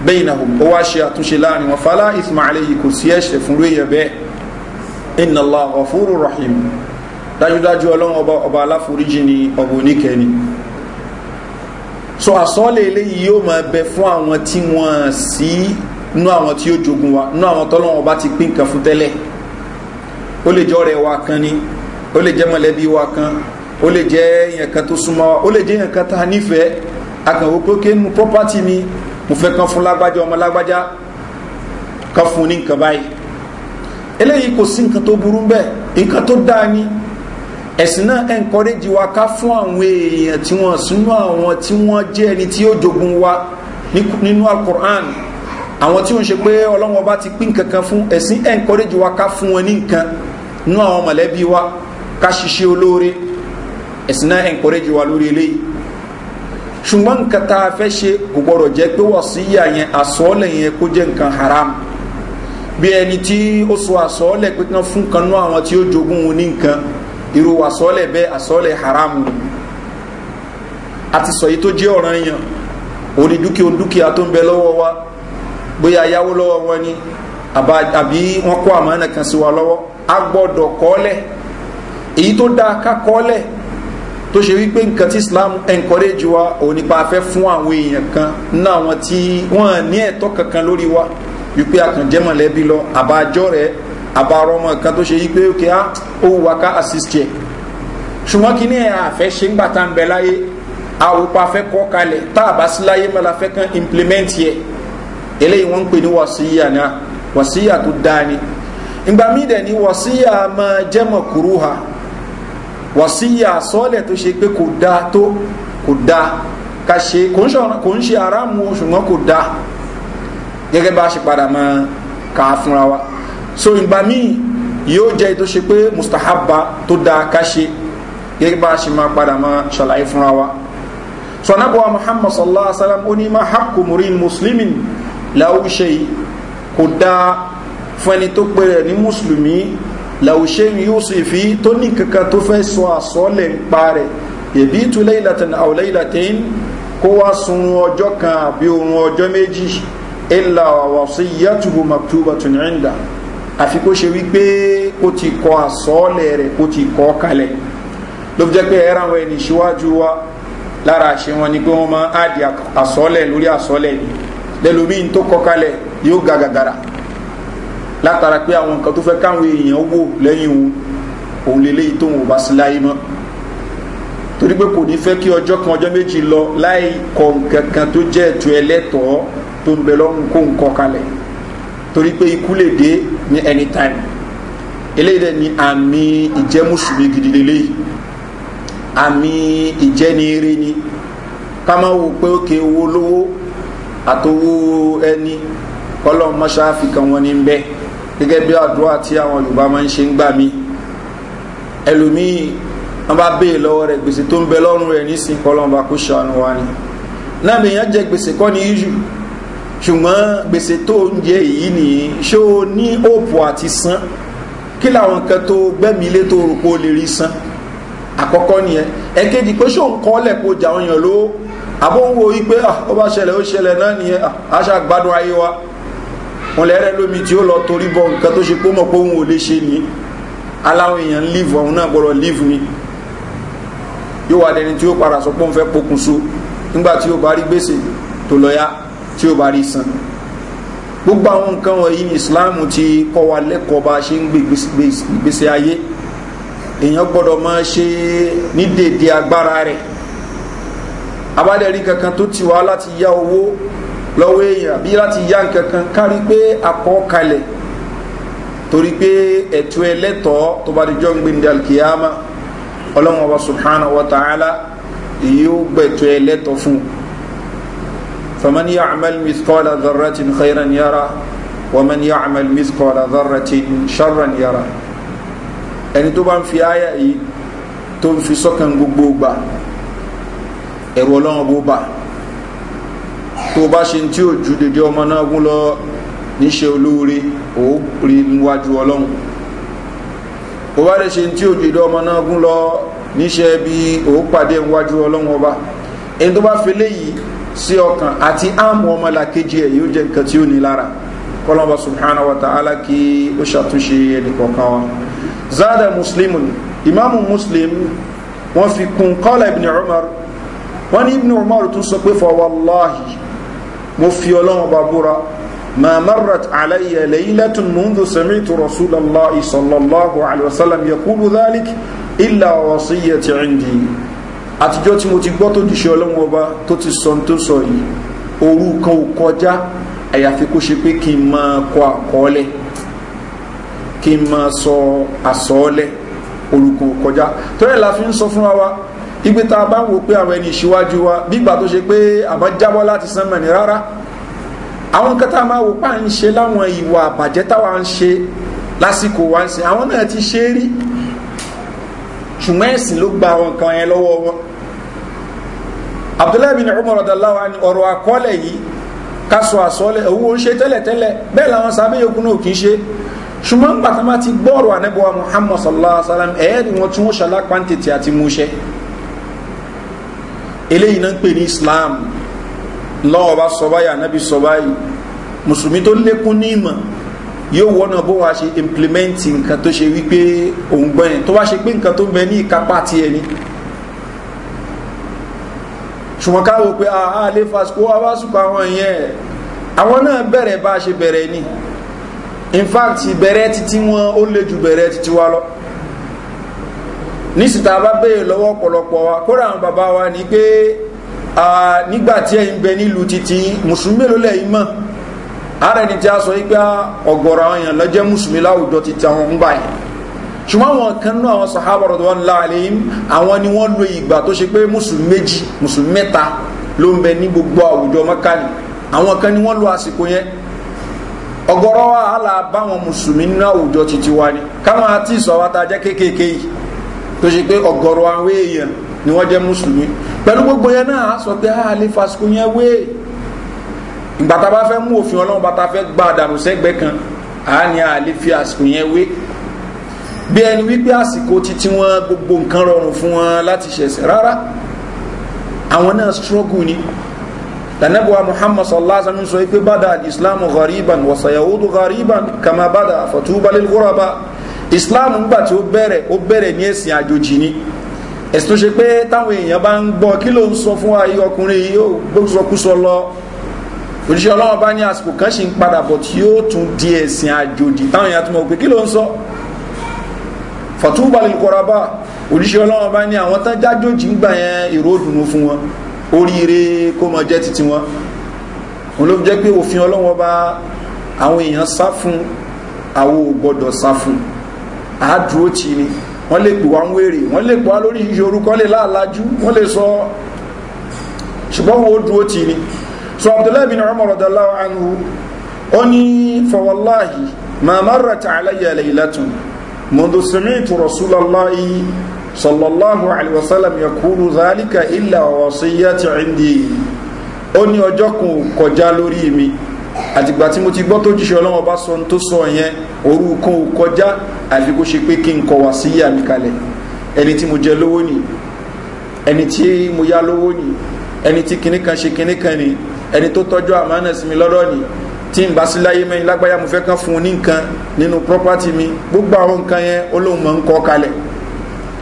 bainahum ó wá ṣe àtúnṣe láàrin wọn fala isma alayhi kò sí ẹ̀ṣẹ̀ fún rẹ̀ yẹ bẹ́ẹ̀ inna allah rahim dájúdájú ọlọ́run ọba ọba aláforíjì ni ọba oníkẹni so àsọ́lẹ̀ eléyìí yóò máa bẹ fún àwọn tí wọ́n sí nú àwọn tí yóò jogun wa nú àwọn tọ́lọ́run ọba ti pín nǹkan fún tẹ́lẹ̀ ó lè jọ́ rẹ̀ wa kan ni ó lè jẹ́ mọ̀lẹ́bí wa kan ó lè jẹ́ èèyàn kan tó súnmọ́ wa ó lè jẹ́ èèyàn kan tá a nífẹ̀ẹ́ akànwó pé kí nu mi mo fẹ́ kan fún lágbájá ọmọ lágbájá kan fún ní nǹkan báyìí eléyìí kò sí nǹkan tó burú bẹ́ẹ̀ nǹkan tó dáa ni ẹ̀sìn náà encourage wa ká fún àwọn èèyàn tí wọ́n súnmọ́ àwọn tí wọ́n jẹ́ ẹni tí ó jogun wa nínú alukur'an àwọn tí ó ń ṣe pé ọlọ́wọ́n bá ti pín kankan fún ẹ̀sìn encourage wa ká fún wọn ní nǹkan nú àwọn mọ̀lẹ́bí wa ká ṣiṣẹ́ olóore ẹ̀sìn náà encourage wa lórí eléyìí ṣùgbọ́n nǹkan tá a fẹ́ ṣe kò gbọ́dọ̀ jẹ́ pé wọ́n sí ìyá yẹn àsọ́ọ̀lẹ̀ yẹn kó jẹ́ nǹkan haram bí ẹni tí ó sọ àsọ́ọ̀lẹ̀ pé kan fún kan nú àwọn tí ó jogun wọn ní nǹkan irú àsọ́lẹ̀ bẹ́ẹ̀ àsọ́lẹ̀ haramu àti sọ̀yí tó jẹ́ ọ̀ràn yàn òní dúkìá dúkìá tó ń bẹ lọ́wọ́ wa bóyá yáwó lọ́wọ́ wọn ni àbí wọ́n kó àmọ́nà kan sí wa lọ́wọ́ a gbọ́dọ̀ kọ́lẹ̀ èyí tó dáa ká kọ́lẹ̀ tó ṣe wípé nǹkan tí islam encourage wa òun nípa afẹ́ fún àwọn èèyàn kan ní àwọn tí wọ́n ní ẹ̀tọ́ kankan lórí wa wípé a kàn jẹ́ mọ̀lẹ́bí lọ àbájọ́ rẹ̀ àbárọ ọmọ kan tó ṣe yí pé òkè á ah, ó wà ká assist yẹ ṣùgbọ́n kí ni àfẹ́ ṣe ń gbà tá ń bẹ láyé àwòpá fẹ́ kọ́ kalẹ̀ tá a bá sí láyé mọ́lá fẹ́ kan implement yẹ eléyìí wọ́n ń pè ní wàsíyà náà ah, wàsíyà tó dáa ni ìgbà míì dẹ̀ ni wàsíyà máa jẹ́ mọ̀kúrú ha wàsíyà sọ́ọ̀lẹ̀ tó ṣe pé kò dáa tó kò dáa ka ṣe kò ń ṣe aráàmù ṣùgbọ́n kò dáa gẹ́gẹ́ bá ṣe padà máa kà á fúnra wa so ìgbà míì yóò jẹ́ tó ṣe pé mustahaba tó dáa ká ṣe gẹ́gẹ́ bá a ṣe máa padà máa ṣàlàyé fúnra wa so anábọ̀wá muhammad sallallahu alaihi wa sallam ó ní máa hakku murin muslimin láwùṣe kò dáa fún ẹni tó pè rẹ̀ ní mùsùlùmí láwùṣe yóò sì fi tó ní kankan tó fẹ́ sọ àsọ́lẹ̀ ń pa rẹ̀ yẹ̀bí tu lẹ́yìnlátàn àwòlẹ́yìnlátàn kó wá sun ọjọ́ kan àbí oorun ọjọ́ méjì ilà wàṣíyàtùhù maktubatun inda àfi kó ṣe wípé ó ti kọ àsọ́ọ̀lẹ̀ rẹ̀ ó ti kọ́ kalẹ̀ ló fi jẹ́ pé ẹ̀rọ àwọn ẹni ṣíwájú wa lára àṣẹ wọn ni pé wọ́n máa áàdì àsọ́ọ̀lẹ̀ lórí àsọ́ọ̀lẹ̀ ni lẹ́lòmíín tó kọ́ kalẹ̀ yóò ga gàgàrà látara pé àwọn nǹkan tó fẹ́ káwọn èèyàn wò lẹ́yìn òun òun lélẹ́yìí tóun ò bá sí láyé mọ́ torí pé kò ní fẹ́ kí ọjọ́ kan ọjọ́ méjì lọ láì kọ nǹkan kan tó jẹ́ ètò ẹlẹ́tọ̀ọ́ tó ń bẹ lọ́rùn kó ń kọ kalẹ̀ torí pé ikú lè dé ní anytime eléyìí dẹ̀ ni àmì ìjẹ́ mùsùlùmí gidi lélẹ́yìí àmì ìjẹ́niire ni ká máa wò pé ó ké owó lówó àtowó ẹni kọ́lọ́ mọ́ṣááfì kan wọn ní bẹ́ẹ̀ gẹ́gẹ́ bí àdúrà tí àwọn yorùbá máa ń ṣe ń gbà mí ẹlòmíì wọn bá béè lọ́wọ́ rẹ̀ gbèsè tó ń bẹ lọ́rùn rẹ̀ nísìnyí kọ́lọ́ wọn kó ṣàánú wa ni náà mi jẹ gbèsè kọ́ ni yíyù ṣùgbọ́n gbèsè tó ń jẹ èyí ni ṣé o ní òpò àti san kí làwọn kan tó gbẹ́mí lé tó rò pé o lè rí san àkọ́kọ́ nìyẹn ẹ̀kejì pé ṣé òun kọ́ lẹ̀ kó jà òyìn lówó àbó ń wo wípé ah, ó bá ṣẹlẹ̀ ó ṣẹlẹ̀ náà nìyẹn àṣà ah, ayé wa wọn lẹ́rẹ́ lómi tí ó lọ torí bọ nǹkan tó ṣe pé mọ̀ pé òun ò lè ṣe nìyẹn aláwọn èèyàn leave òun náà gbọ́dọ̀ leave ni yóò wá dẹni tí ó padà sọ pé òun fẹ́ pokùnso nígbà tí ó bá rí gbèsè tó lọ tí ó bá rí san gbogbo àwọn nǹkan wọ̀nyí islam ti kọ́ wa lẹ́kọ̀ọ́ bá a ṣe ń gbé ìgbésí ayé èèyàn gbọ́dọ̀ máa ṣe ní dèdè agbára rẹ̀ abádẹ́rí kankan tó ti wá láti yá owó lọ́wọ́ èèyàn àbí láti yá nkankan kárí pé akọ́ kalẹ̀ torí pé ẹ̀tọ́ ẹlẹ́tọ̀ọ́ tó bá dijọ́ ń gbẹ̀ndẹ̀ alkiyama ọlọ́run ọba subhanahu wa ta'ala yóò gbẹ̀tọ́ ẹlẹ́tọ̀ọ́ fún un فمن يعمل مثقال ذرة خيرا يرى ومن يعمل مثقال ذرة شرا يرى ẹni tó في ń fi àyà yìí tó ń fi sọ́kàn gbogbo gbà ẹ̀rù ọlọ́run bó bá tó bá ṣe tí ò ju dédé ọmọ náà gún lọ níṣẹ́ olóore ó rí níwájú ọlọ́run ó bá lè ṣe tí ò ju ọmọ náà gún lọ níṣẹ́ bí ó pàdé níwájú ọlọ́run ọba ẹni tó bá fi léyìí sí ọkàn àti áàmù ọmọlàkejì ẹ̀ yóò jẹ́ nǹkan tí ó ní lára kọlọ́mọ subhanahu wa ta'ala kí ó ṣàtúnṣe ẹnìkọ̀ọ̀kan wa zada muslimun imamu muslim wọ́n fi kún kọ́lá ibn umar wọ́n ní ibn umar tún sọ pé fọwọ́láhì mo fi ọlọ́wọ́n bá búra alayya laylatun mundu sami'tu rasulallahi sallallahu alaihi wasallam yaqulu dhalik illa wasiyati indi àtijọ́ tí mo ti gbọ́ tó jíṣẹ́ ọlọ́run ọba tó ti sọ tó sọ yìí orú kan ò kọjá àyàfi kó ṣe pé kí n máa kọ àkọọ́lẹ̀ kí n máa sọ àsọọ́lẹ̀ orú ò kọjá tọ́lẹ̀ la fi ń sọ fún wa ibi tá a bá wò pé àwọn ẹni ìṣíwájú wa bígbà tó ṣe pé àbá jábọ́ láti san mẹ́rin rárá àwọn nǹkan tá a máa wò pa ń ṣe láwọn ìwà àbàjẹ́ táwa ń ṣe lásìkò wa ń ṣe àwọn náà ti ṣe é rí ṣùgbọ́n ẹ̀sìn ló gba àwọn nǹkan yẹn lọ́wọ́ wọn abdullahi bin umar radallahu anhu ọ̀rọ̀ àkọọ́lẹ̀ yìí ká sọ àsọlẹ̀ òun ò ń ṣe tẹ́lẹ̀tẹ́lẹ̀ bẹ́ẹ̀ làwọn sábẹ́ yòókù náà kì í ṣe ṣùgbọ́n gbàtàmá ti gbọ́ọ̀rọ̀ ànẹ́bọ̀wá muhammad sallallahu alaihi wa sallam ẹ̀ẹ́dì wọn tún ṣàlápá tètè àti múṣẹ́ eléyìí náà ń pè ní islam lọ́wọ́ bá sọ báyìí ànábì sọ báyìí mùsùlùmí yóò wọ́nà bó wa ṣe implement nǹkan tó ṣe wípé òun gbọ́n yẹn tó wá ṣe pé nǹkan tó bẹ ní ìkápá ti ẹni ṣùgbọ́n káwọ́ pé àá ah, lè fàṣkó abásùkọ àwọn yẹn àwọn náà bẹ̀rẹ̀ bá ṣe bẹ̀rẹ̀ ni in fact bẹ̀rẹ̀ títí wọn ó lè ju bẹ̀rẹ̀ títí wa lọ nísìta bá bèèrè lọ́wọ́ ọ̀pọ̀lọpọ̀ wa kóra àwọn bàbá wa ni pé ah, nígbà tí ẹ̀yin bẹ nílùú títí mùsùlùmí mélòó lẹ́yìn mọ́ ara ẹni tí a sọ yípa ọ̀gọ̀rọ̀ àwọn èèyàn lọ́jẹ́ mùsùlùmí láwùjọ ti tẹ àwọn ń bá yẹn àwọn kan náà àwọn sahaba rọ̀dọ̀wọ́n àwọn ni wọn lo ìgbà tó ṣe pé mùsùlùmí méjì mùsùlùmí mẹ́ta ló ń bẹ ní gbogbo àwùjọ àwọn kan ni lo àsìkò yẹn wa hàlà báwọn mùsùlùmí nínú àwùjọ titi wa ni káwọn àti kéékèèké yìí tó ṣe pé ni wọn jẹ mùsùlùmí gbogbo yẹn náà sọ pé ìgbà tá a bá fẹ́ mú òfin ọlọ́run bá ta fẹ́ gba àdànù sẹ́gbẹ́ kan àá ní a lè fi àsìkò yẹn wé bí ẹni wípé àsìkò títí wọn gbogbo nǹkan rọrùn fún wọn láti ṣẹ̀ṣẹ̀ rárá àwọn náà struggle ni lànàbùwà muhammad sallallahu alaihi wasallam sọ pé bàdà islam ghariban wasayahudu ghariban kama bàdà àfọ̀túbalẹ̀ ghuraba islam ńgbà tí ó bẹ̀rẹ̀ ó bẹ̀rẹ̀ ní ẹ̀sìn àjòjì ni ẹ̀sìn tó ṣe pé táwọn èèyàn bá ń gbọ́ kí ló ń sọ fún ayé ọkùnrin yìí ó gbósọkúsọ lọ òṣìṣẹ́ ọlọ́run bá ní àsìkò kan ṣì ń padà bọ̀ tí yóò tún di ẹ̀sìn àjòjì táwọn èèyàn tún mọ̀ pé kí ló ń sọ fàtúbàlì kọ̀rọ̀bà òṣìṣẹ́ ọlọ́run bá ní àwọn tán jájòjì ń gbà yẹn èrò òdùnnú fún wọn oríire kó mọ jẹ́ titi wọn òun ló jẹ́ pé òfin ọlọ́run bá àwọn èèyàn sá fún àwọn ò sá fún àádúró tì ní wọ́n lè pè wá ń wèrè wọ́n lè pè wá lórí ìṣòro kan lè láàlájú wọ́n lè sọ ṣùgbọ́n wo dúró tì ní so abdullahi bin umar radallahu anhu ó ní fawallahi ma marrata alayya laylatun منذ سمعت رسول الله صلى الله عليه وسلم يقول ذلك إلا وصية عندي ó ní ọjọ́ kan kọjá lórí mi àtìgbà tí mo ti gbọ́ tó jíṣẹ́ ọlọ́wọ́ bá sọ tó sọ yẹn òru kan ò kọjá àfi kó ṣe pé n kọ wá sí yà mí kalẹ̀ mo jẹ lówó ni ẹni tí mo yá lówó ni ẹni tí kinní ṣe kinní ni ẹni tó tọ́jú àmánà sí mi lọ́dọ̀ ni tí n bá sí láyé mẹ́rin lágbáyà mo fẹ́ kán fún un ní nǹkan nínú property mi gbogbo àwọn nǹkan yẹn olóhùn mọ̀ ń kọ́ kalẹ̀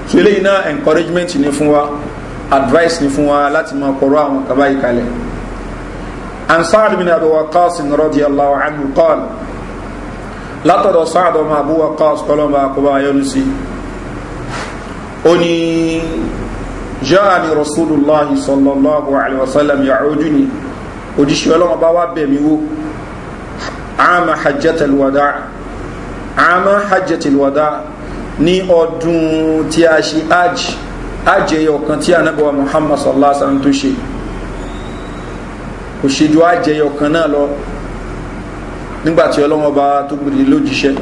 so eléyìí náà encouragement ni fún wa advice ni fún wa láti máa kọ̀rọ̀ àwọn kaba yìí kalẹ̀ ansar bin abu waqas radiyallahu anhu qal látọ̀dọ̀ sáàdọ̀ ma abu waqas kọlọ́mà àkọ́bá ayọ́nu sí ó ní jaani rasulillah sallallahu alayhi wa sallam yauduni òjíṣẹ́ ọlọ́wọ́n bá wá bẹ̀ mí wò àmà hajjatelwada àmà hajjatelwada ní ọdún tí a ṣe aj ajẹyẹ ọ̀kan tí anábọ̀wá muhammad sallallahu alaihi wa sallam tó ṣe kò ṣe ju ajẹyẹ ọ̀kan náà lọ nígbàtí ọlọ́wọ́n bá tó gbèrè lójíṣẹ́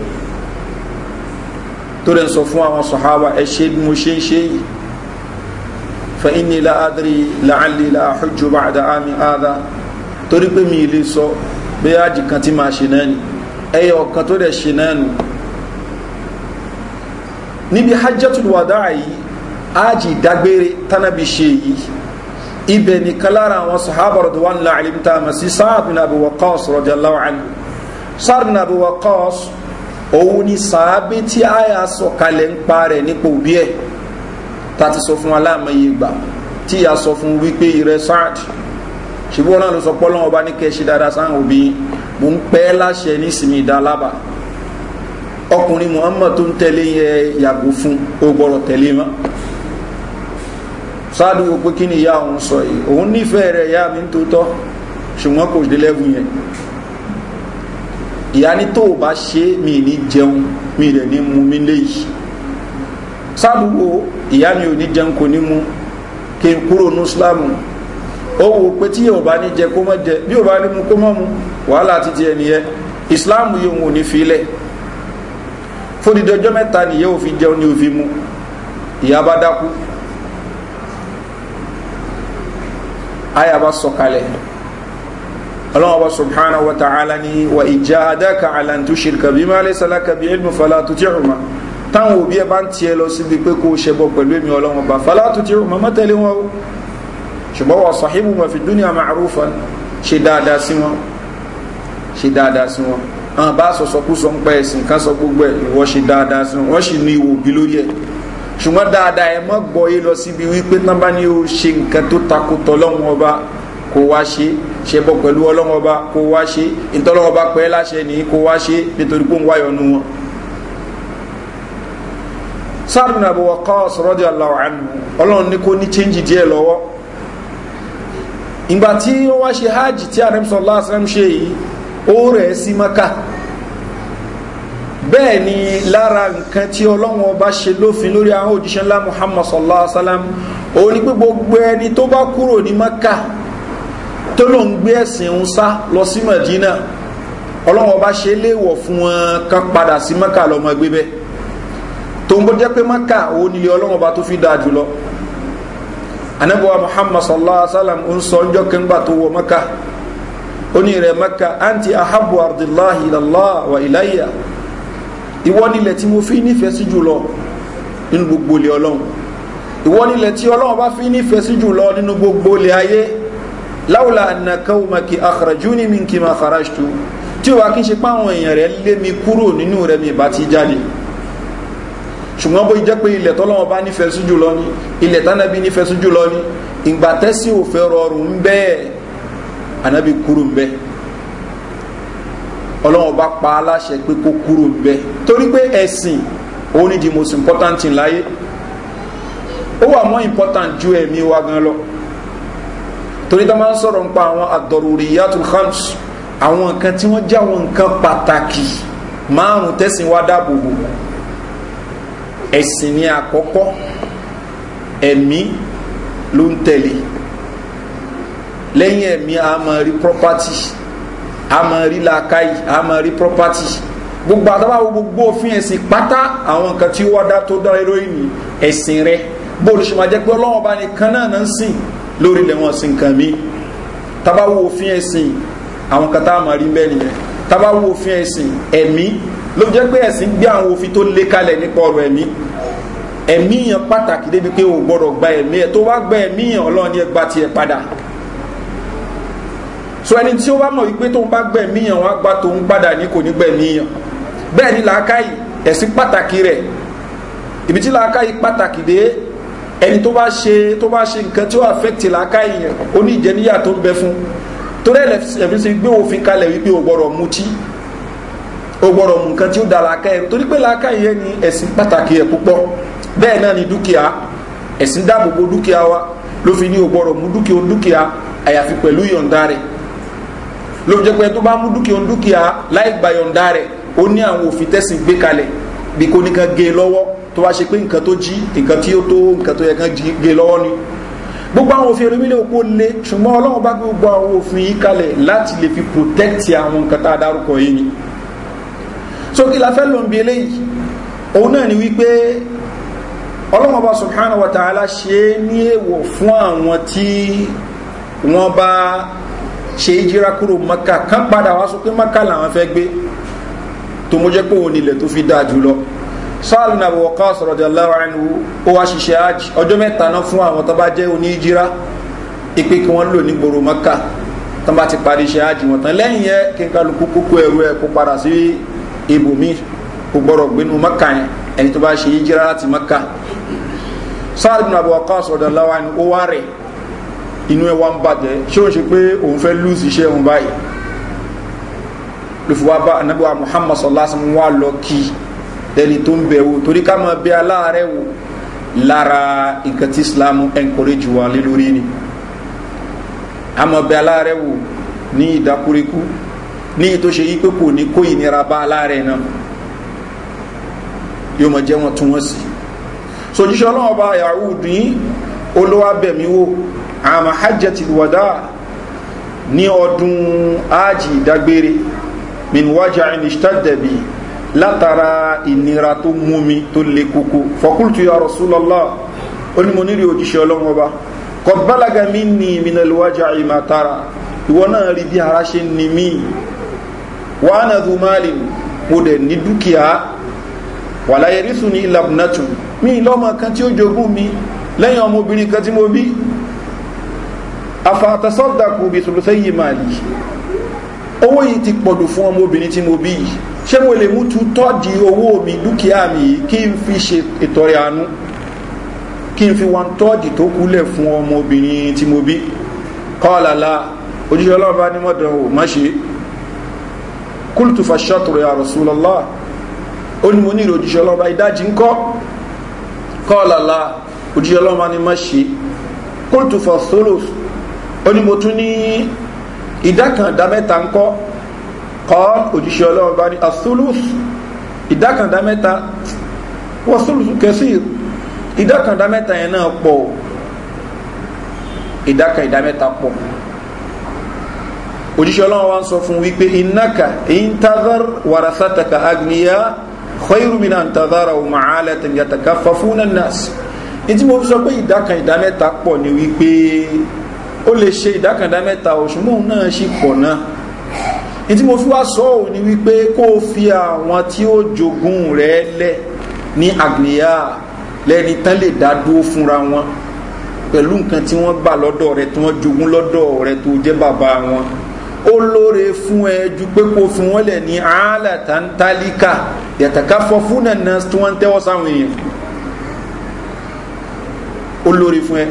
tó rẹ̀ ń sọ fún àwọn sọ̀háwà ẹ ṣe bí mo ṣe ń ṣe yìí fa inni la adri la'alli la ahujju ba'da ami hadha torí pé mi lè sọ bóyá àjì kan tí máa ṣe náà ni ẹyọ ọ̀kan tó dẹ̀ ṣe náà nù níbi hajjatul wada yìí ájì dágbére tánàbí ṣe yìí ibẹ̀ nìkan lára àwọn sahaba rọ̀dùwán láàrin tá a mọ̀ sí sáàbìn àbúwọ̀kọ́s rọ̀jàláwà ánú sáàbìn àbúwọ̀kọ́s òun ni sàábé tí àyà sọ̀kalẹ̀ ń pa rẹ̀ nípa ẹ̀ tá a ti sọ fún aláàmọye gbà tí a sọ fún wípé ìrẹ ṣùgbọ́n náà ló sọ pé ọlọ́run ọba ní kẹ́ ṣe dáadáa sáwọn òbí mò ń pẹ́ láṣẹ nísìnyí ìdálábà ọkùnrin muhammad tó ń tẹ̀lé yẹ yàgò fún ó gbọ́dọ̀ tẹ̀lé mọ́ sáàdù wo pé kí ni ìyá òun sọ yìí òun nífẹ̀ẹ́ rẹ̀ ìyá mi ń tó tọ́ ṣùgbọ́n kò dé lẹ́bùn yẹn ìyá ní tó o bá ṣe mi ní jẹun mi rẹ̀ ní mu mi lé yìí sáàdù wo ìyá mi ò ní jẹun kò ní mu kí n kúrò ní islam ó wò pé tí yóò bá ní jẹ kó mọ́ jẹ bí yóò bá ní mu kó mọ́ mu wàhálà ti di ẹnìyẹn ìsìláàmù yóò wò ní filẹ̀ fódìdí ọjọ́ mẹ́ta nìyẹn ò fi jẹun ní òfin mu ìyá bá dákú aya bá sọ̀kalẹ̀ ọlọ́wọ́ bá subhana wa ta'ala ni wa ìjà adáka alantu shirka bí máa lè sálaka bí ilmu fala tuti ọmọ táwọn òbí ẹ bá ń tiẹ lọ síbi pé kó o ṣẹbọ pẹ̀lú èmi ọlọ́wọ́ bá fala tuti ọmọ mọ́tẹ́lẹ́ o ṣùgbọ́n wà sàhíbù mọ̀ fi dúnìá màrúfà ṣe dáadáa sí wọn ṣe dáadáa sí wọn àwọn bá sọ̀sọ̀ kú sọ ń pẹ́ ẹ̀sìn kan sọ gbogbo ẹ̀ ìwọ́ ṣe dáadáa sí wọn wọ́n sì ní ìwò bí lórí ẹ̀ ṣùgbọ́n dáadáa ẹ mọ́ gbọ́ yé lọ síbi wípé tán bá ní o ṣe nǹkan tó takotọ̀ lọ́wọ́n ọba kó wá ṣe ṣe bọ́ pẹ̀lú ọlọ́wọ́n ọba kó wá ṣe ìtọ́lọ́wọ́n ọba pẹ́ láṣẹ ní kó wá ṣe nítorí pé ìgbà tí ó wá ṣe hajj tí àrẹ́mùsọ̀ lásán ṣe yìí ó rẹ̀ sí maka bẹ́ẹ̀ ni lára nǹkan tí ọlọ́wọ́n ọba ṣe lófin lórí àwọn òjíṣẹ́ ńlá muhammad sallallahu alaihi wasallam òun ni pé gbogbo ẹni tó bá kúrò ní maka tó ló ń gbé ẹ̀sìn ń sá lọ sí madina ọlọ́wọ́n ọba ṣe léèwọ̀ fún wọn kan padà sí maka lọ́mọ ẹgbẹ́ bẹ́ẹ̀ tó ń bọ́ jẹ́ pé maka òun nílé ọlọ́wọ́n ọba tó fi dáa jùlọ anabuwa muhammad sallallahu alaihi wasallam ń sọ ọjọ́ kíngbà tó wọ maka oní rẹ̀ maka anti ahabu abdullahi ilallah wa ilayya ìwọ nílẹ̀ tí mo fi nífẹ̀ẹ́ sí jùlọ nínú gbogbo ilẹ̀ ọlọ́run ìwọ nílẹ̀ tí ọlọ́run bá fi nífẹ̀ẹ́ sí jùlọ nínú gbogbo ilẹ̀ ayé láwùlà ànàkàwò màkì àkàràjú ní mi kì máa kàràṣtù tí ó wà kí n ṣe páwọn mi kúrò nínú rẹ̀ mi bá ti jáde ṣùgbọ́n bó jẹ́ pé ilẹ̀ tọ́lọ́wọ́n bá nífẹ̀ẹ́ sí jùlọ ní ilẹ̀ tánàbí nífẹ̀ẹ́ sí jùlọ ní ìgbà tẹ́sí òfẹ́ rọrùn ń bẹ́ẹ̀ ànábì kúrò ń bẹ́ẹ̀ ọlọ́wọ́n bá pa aláṣẹ pé kó kúrò ń bẹ́ẹ̀ torí pé ẹ̀sìn òun ni the most important thing láyé ó wà mọ́ important ju ẹ̀mí wa gan lọ torí tá máa ń sọ̀rọ̀ nípa àwọn àdọ̀rùrì yàtọ̀ hams àwọn nǹkan tí wọ́n jẹ́ àwọn nǹkan pàtàkì márùn-ún tẹ́sìn wa dáàbò bò ẹ̀sìn ní àkọ́kọ́ ẹ̀mí ló ń tẹ̀lé lẹ́yìn ẹ̀mí a máa rí property a máa rí làákàyè a máa rí property gbogbo àtàwọn gbogbo òfin ẹ̀sìn pátá àwọn nǹkan tí wọ́n dá tó dá heroin ẹ̀sìn rẹ bó olùsọ̀mọ̀ jẹ́ pé ọlọ́wọ́n bá nìkan náà náà ń sìn lórí ilẹ̀ wọn sí nǹkan mi tabawo òfin ẹ̀sìn àwọn kan tá a máa rí bẹ́ẹ̀ nìyẹn tabawo òfin ẹ̀sìn ẹ̀mí ló jẹ́ pé ẹ̀sìn gbé àwọn òfin tó lé kalẹ̀ nípa ọ̀rọ̀ ẹ̀mí ẹ̀mí yẹn pàtàkì débi pé o gbọ́dọ̀ gba ẹ̀mí ẹ̀ tó wá gba ẹ̀mí yẹn ọlọ́run ni ẹ gba tiẹ̀ padà so ẹni tí ó bá mọ̀ wípé tó ń bá gbẹ̀mí yẹn wọn á gba tó ń padà ní kò ní gbẹ̀mí yẹn bẹ́ẹ̀ ni làákàyè ẹ̀sìn pàtàkì rẹ̀ ibi tí làákàyè pàtàkì dé ẹni tó bá ṣe tó bá ṣe nǹkan tí ó affect làákàyè yẹn ó ní ìjẹniyà tó ń bẹ fún torí ẹ̀lẹ́fẹ̀ẹ́ o gbọ́dọ̀ mú nǹkan tí ó da làákà ẹ̀ torí pé làákà yẹn ni ẹ̀sìn pàtàkì ẹ̀ púpọ̀ bẹ́ẹ̀ náà ni dúkìá ẹ̀sìn dáàbòbò dúkìá wa ló fi ní o gbọ́dọ̀ mú dúkìá dúkìá àyàfi pẹ̀lú yọ̀ǹda rẹ̀ ló jẹ́ pé tó bá mú dúkìá dúkìá láì gba yọ̀ǹda rẹ̀ ó ní àwọn òfin tẹ́sìn gbé kalẹ̀ bí kò nìkan gé e lọ́wọ́ tó wá ṣe pé nǹkan tó jí nǹkan tí ó tó nǹkan tó yẹ kan gé e lọ́wọ́ ni gbogbo àwọn òfin orílẹ̀ òpó le ṣùgbọ́n ọlọ́run bá gbogbo àwọn òfin yìí kalẹ̀ láti lè fi protect àwọn nǹkan tá a dárúkọ yìí ni sókè la fẹ́ lòun bí eléyìí òun náà ni wípé ọlọ́mọba subhanahu wa ta'ala ṣe ní èèwọ̀ fún àwọn tí wọ́n bá ṣe ìjíra kúrò maka kán padà wá sókè maka làwọn fẹ́ gbé tó mọ́ jẹ́ pé òun ilẹ̀ tó fi dáa jùlọ sáàlù nàbọ̀ wọ̀ká sọ̀rọ̀ dẹ̀ lára ẹnu ó wá ṣiṣẹ́ ájì ọjọ́ mẹ́ta náà fún àwọn tó bá jẹ́ oní ìjíra ipe kí wọ́n lò ní gbòòrò maka tó bá ti parí iṣẹ́ ájì wọn tán lẹ́yìn yẹn kí n kálukú kókó ẹrú ẹ kó padà sí ibùmí kò gbọ́dọ̀ gbénu maka yẹn ẹni tó bá ṣe yíjíra láti maka sáà ibùn àbúwá kọ́ àsọ̀dọ̀ láwa ni ó wá rẹ̀ inú ẹ wá ń bàjẹ́ ṣé òun ṣe pé òun fẹ́ lùsì iṣẹ́ òun báyìí lùfùwà bá anábíwá muhammad sọlásán wà lọ kí ẹni tó ń bẹ̀ wò torí ká máa bẹ aláàárẹ̀ wò lára nǹkan tí islam encourage wa lé lórí ni a máa bẹ aláàárẹ̀ wò ní ìdákúrekú ní ètò ṣe yí pé kò ní kó ìnira bá aláàrẹ náà yóò mọ jẹ́ wọn tún wọn sí sojíṣẹ́ ọlọ́wọ́ bá yahoo dín olówó abẹ̀mí wò àmà hajjati wàdà ní ọdún ájì ìdágbére minwaja inistadabi látara ìnira tó mú mi tó le koko fọkúlùtù ya rasulallah onímọ̀nìrì òjíṣẹ́ ọlọ́wọ́ bá kọ̀bálaga mi ní minalwaja imatara ìwọ náà rí bí ara ṣe ń mí wàhánà zumali mo dẹ̀ ní dúkìá wàláyé rísù ní ìlàbùnátù mi loma kan tí ó jogún mi lẹ́yìn ọmọbìnrin kan tí mo bí afàtàsọ́dàkù bí sọlọ́sẹ́ yìí máa lì owó yìí ti pọ̀dù fún ọmọbìnrin tí mo bí yìí mo lè mú tu tọ́ọ̀dì owó mi dúkìá mi yìí kí n fi ṣe ìtọ́rẹ àánú kí n fi wọn tọ́ọ̀dì tó kúlẹ̀ fún ọmọbìnrin tí mo bí kọ́ ọ̀làlà ojúṣe ní mọ́tò ò má ṣe é kúlùtù fàṣàtùrù ya rasulallah ó ní mo ní ìrò òjíṣẹ́ ọlọ́ba ìdájí ńkọ́ kọ́ọ̀lọ́lá òjíṣẹ́ ọlọ́ba ni má ṣe kúlùtù fàṣọ́lò ó ní mo tún ní ìdá mẹ́ta ńkọ́ kọ́ òjíṣẹ́ ọlọ́ba ni asúlùs ìdá kan ìdá mẹ́ta wọ́n súlùs kẹsì ìdá kan ìdá mẹ́ta yẹn náà pọ̀ ìdá kan ìdá mẹ́ta pọ̀ òjíṣẹ́ ọlọ́run wa ń sọ fún wípé ináka intazar warasataka agniya khairumina intazara ọmọ alẹ́ tẹ̀yàtàkà fafúnà nasi ìtí mo fi sọ pé ìdákan ìdá mẹ́ta pọ̀ ni wípé ó lè ṣe ìdákan ìdá mẹ́ta òṣùmọ́ náà sì pọ̀ náà ìtí mo fi wá sọ ò ní wípé kó fi àwọn tí ó jogún rẹ lẹ̀ ní agniya lẹ́ni tán lè dá dúró fúnra wọn pẹ̀lú nǹkan tí wọ́n gbà lọ́dọ̀ rẹ tí wọ́n jogún lọ́dọ̀ rẹ tó jẹ́ bàbá wọn ó lóore fún ẹ ju pé kó fún wọn lẹ ní àálàtà ń tálíkà yàtàkà fọ fún nànà tí wọn ń tẹwọ sáwọn èèyàn ó lóore fún ẹ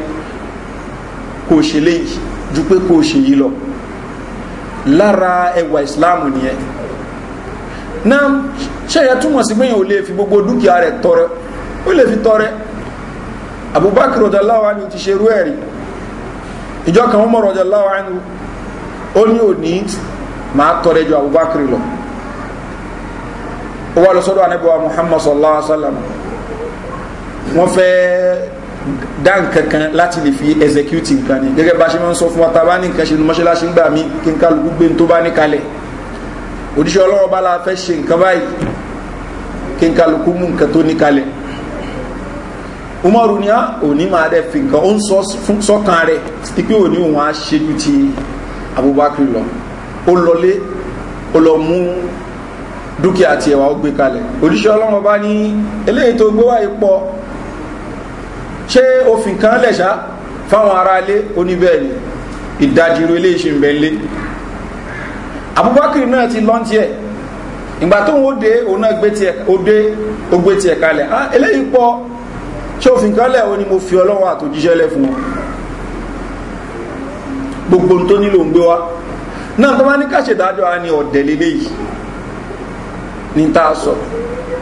kò ṣe léyìí ju pé kò ṣe yìí lọ lára ẹwà ìsìláàmù nìyẹn náà ṣẹyà túmọ̀ sí pé yẹn ò lè fi gbogbo dúkìá rẹ̀ tọrẹ ó lè fi tọrẹ abubakar ọjà láwa ni ó ti ṣerú ẹ̀rí ìjọ kan ó ọjà láwa ni ó ní òní màá tọrẹ ju abubakar lọ ó wà lọ sọ́dọ̀ anábíwá muhammad sallallahu alaihi wa sallam wọ́n fẹ́ dá nǹkan kan láti lè fi executing nǹkan ni gẹ́gẹ́ bá ṣe máa ń sọ fún wa tábà ní nǹkan ṣe ní mọ́ṣáláṣí gbà mí kí n kálukú gbé tó bá ní kalẹ̀ òdíṣẹ́ ọlọ́wọ́ bá la fẹ́ ṣe nǹkan báyìí kí n kálukú mú nǹkan tó ní kalẹ̀ umaru ni a òní máa dẹ́ fi nǹkan ó ń sọ sọ́kàn rẹ̀ pípé òní òun á ṣe ju ti abubakar lọ ó lọlé ó lọ mú dúkìá tiẹ̀ wá ó gbé kalẹ̀ òjíṣẹ́ ọlọ́run ọba ní eléyìí tó gbé wáyé pọ̀ ṣé òfin kan lẹ̀ ṣá fáwọn aráalé oníbẹ̀ẹ́ ni ìdajìrò ilé ìṣe ìbẹ̀lẹ̀ abubakar náà ti lọ́ntí ẹ̀ ìgbà tó ń dé òun náà gbé tiẹ̀ kalẹ̀ ah, eléyìí pọ̀ ṣé òfin kan lẹ̀ ó ní mo fi ọlọ́run àtòjíṣẹ́ lẹ̀ fún wọn gbogbo tó nílò ń gbé wá náà tó bá ní a ní ọ̀dẹ̀ lélẹ̀ yìí ní tá a sọ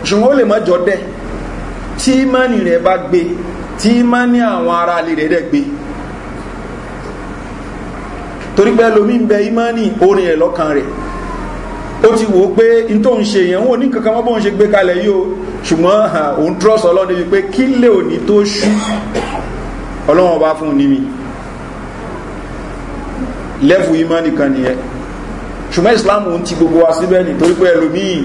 ṣùgbọ́n ó lè mọ́jọ dẹ̀ tí mọ́ni rẹ̀ bá gbé tí mọ́ni àwọn ará alẹ́ rẹ̀ dẹ̀ gbé torí pé lomi bẹ orin lọ́kàn rẹ̀ ó ti wò ó pé n tó ń ṣe gbé kalẹ̀ yìí o ṣùgbọ́n òun trọ́ọ̀sì ọlọ́run pé òní tó ṣú fún un lẹ́fù imani nìkan nìyẹn ṣùgbọ́n islam ń ti gbogbo wa síbẹ̀ ní torí pé ẹlòmíì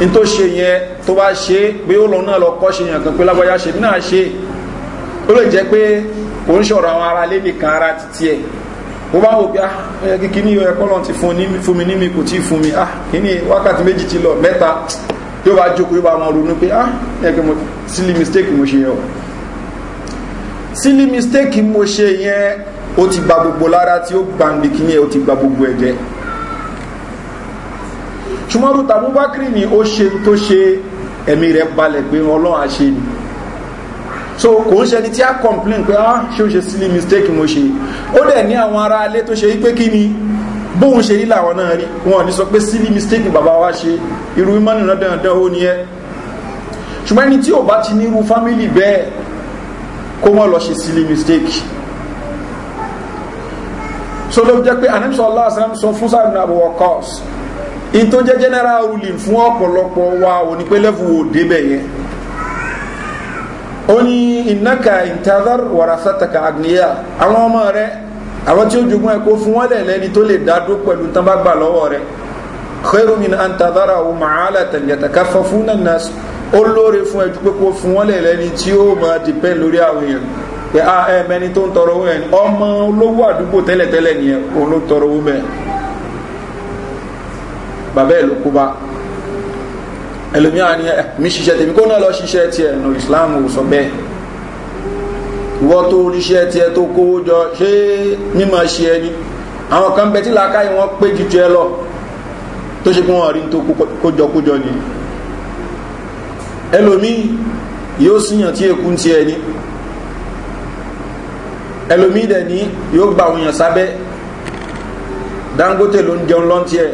n tó ṣe yẹn tó bá ṣe pé ó lọ náà lọ kọ́ ṣe yàn kan pé lágbájá ṣe náà ṣe ó lè jẹ́ pé kò ń ṣọ̀rọ̀ àwọn ará lé nìkan ara títí ẹ̀ ó bá wò pé kíkí ah, ní ẹ̀kọ́ lọ́n ti fún mi ní mi kò tí fún mi ah, kí ni wákàtí méjì ti lọ mẹ́ta yóò bá jókòó yóò bá wọn ronú pé ah ẹgbẹ́ mo silly mistake mo ṣe yẹn o silly mistake mo ṣe yẹn ó ti gba gbogbo lára tí ó gbàǹdì kìíní ẹ̀ ó ti gba gbogbo ẹ̀jẹ̀ ṣùgbọ́n tàbúbákìrì ni ó ṣe tó ṣe ẹ̀mí rẹ̀ balẹ̀ pé ọlọ́run àṣẹ ni so kò ń ṣẹni tí a complain pé ah ṣé o ṣe silly mistake mo ṣe ó dẹ̀ ní àwọn ará alé tó ṣe wípé kí ni bóun ṣe rí làwọn náà rí wọn ní sọ pé silly mistake bàbá wa ṣe irú imọ́nì náà dandan ó ní ẹ ṣùgbọ́n ẹni tí ò bá ti nírú family bẹ́ẹ̀ kó mọ́ lọ ṣe silly mistake so ló jẹ́ pé anamsọ aláàsán sọ fún sáàmì Abu Waqqas in tó jẹ́ general ruling fún ọ̀pọ̀lọpọ̀ wa ò ní pé lẹ́fù wò débẹ̀ yẹn ó ní ìnáka intadhar warasataka agniya àwọn ọmọ rẹ àwọn tí ó jogún ẹ kó fún wọn lẹ̀ lẹ́ni tó lè dádó pẹ̀lú tán bá gbà lọ́wọ́ rẹ khairu min an tadharahu ma'alatan yatakaffafuna an-nas ó lóore fún ẹjú pé kó fún wọn lẹ̀ lẹ́ni tí ó máa dìpẹ́ lórí àwọn pé a ah, ẹ mẹni tó ń tọrọ owó yẹn ọmọ olówó àdúgbò tẹ́lẹ̀tẹ́lẹ̀ ni òun ló tọrọ owó mẹ́ bàbá ẹ̀ ló kú bá ẹlòmíà ni ẹ mi ṣiṣẹ́ tèmi kó náà lọ ṣiṣẹ́ tiẹ̀ nù islam ò sọ bẹ́ẹ̀ ìwọ tó oríṣẹ́ tiẹ̀ tó kówó jọ ṣé mímọ̀ ṣe ẹni àwọn kan bẹ tí làákàyè wọn pé jù ẹ lọ tó ṣe pé wọn rí tó kójọkójọ ni ẹlòmíì yóò síyàn tí èkú ti ẹni ẹlòmíì dẹ̀ ní yóò gba àwọn èèyàn sábẹ́ dangote ló ń jẹun lọ́ntì ẹ̀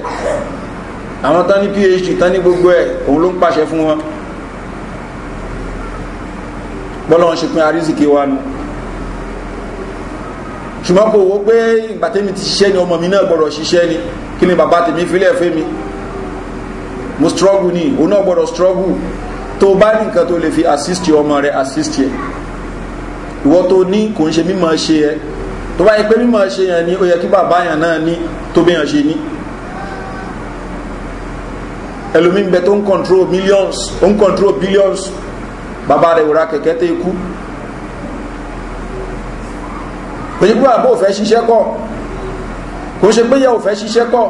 àwọn tán ní phd tán ní gbogbo ẹ̀ òun ló ń pàṣẹ fún wọn bọ́lá wọn ṣe pin arísìkè wa nu ṣùgbọ́n kò wó pé ìgbà tẹ́mi ti ṣiṣẹ́ ni ọmọ mi náà gbọ́dọ̀ ṣiṣẹ́ ni kí ni bàbá tèmi filẹ̀ fẹ́ mi mo struggle ni òun náà gbọ́dọ̀ struggle tó bá ní nǹkan tó lè fi assist ọmọ rẹ assist yẹn ìwọ́ tó ní kò ń ṣe mímọ̀ ṣe ẹ tó bá yẹ pé mímọ̀ ṣe yẹn ni ó yẹ kí bàbá yẹn náà ní tó bí yẹn ṣe ní ẹlòmí bẹ tó ń control millions ó ń control billions bàbá rẹ̀ wòrà kẹ̀kẹ́ tó ikú kò ní pé bàbá ò fẹ́ ṣiṣẹ́ kọ́ kò ṣe pé yẹ ò fẹ́ ṣiṣẹ́ kọ́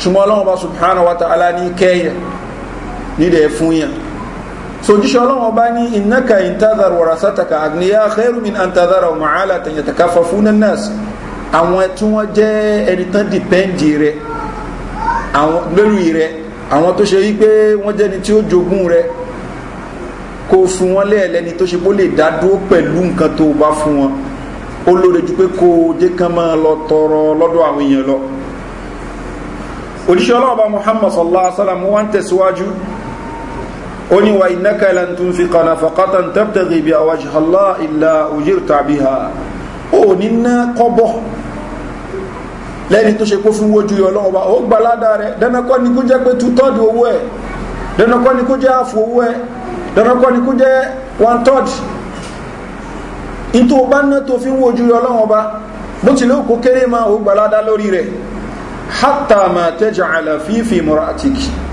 ṣùgbọ́n ọlọ́run bá subhanahu wa ta'ala ní kẹ́yẹ nídẹ̀ẹ́ fún yẹn sojúṣe ọlọ́wọ́n bá ní ìnáka ìntàdàrà wàràsátàkà àgbìyà xẹ́rùmí àntàdàrà ọmọ̀hálà tẹ̀yẹ̀tàkáfà fún nẹ́ẹ̀sì àwọn tí wọ́n jẹ́ ẹni tán dìpẹ́ǹdì rẹ̀ lórí rẹ̀ àwọn tó ṣe wípé wọ́n jẹ́ ni tí ó jogún rẹ̀ kó fún wọn lẹ́ẹ̀lẹ́ni tó ṣe pé lè dá dúró pẹ̀lú nǹkan tó bá fún wọn ó lóore ju pé kó o jẹ́ kán máa lọ tọrọ lọ́dọ̀ àwọn èèyàn lọ òjíṣẹ́ ọlọ́ọ̀bá muhammad sallallahu alaihi wa sallam wọ́n tẹ̀síwájú oni wa innaka lan tunfiqa nafaqatan tabtaghi biha wajha Allah illa ujirta biha o ní ná kọ́bọ̀ lẹ́ni tó ṣe kó fún wojú ọlọ́run ọba ó gba ládàá rẹ̀ danakọ́ ni kó jẹ́ pé two third owó ẹ̀ danakọ́ ni kó jẹ́ half owó ẹ̀ danakọ́ ni kó jẹ́ one third nítorí bá ná tó fi ń wojú ọlọ́run ọba bó tilẹ̀ òkú kéré máa ó gba ládàá lórí rẹ̀ hátà máa tẹ́jà àlàfífì mọ́ra àtìkì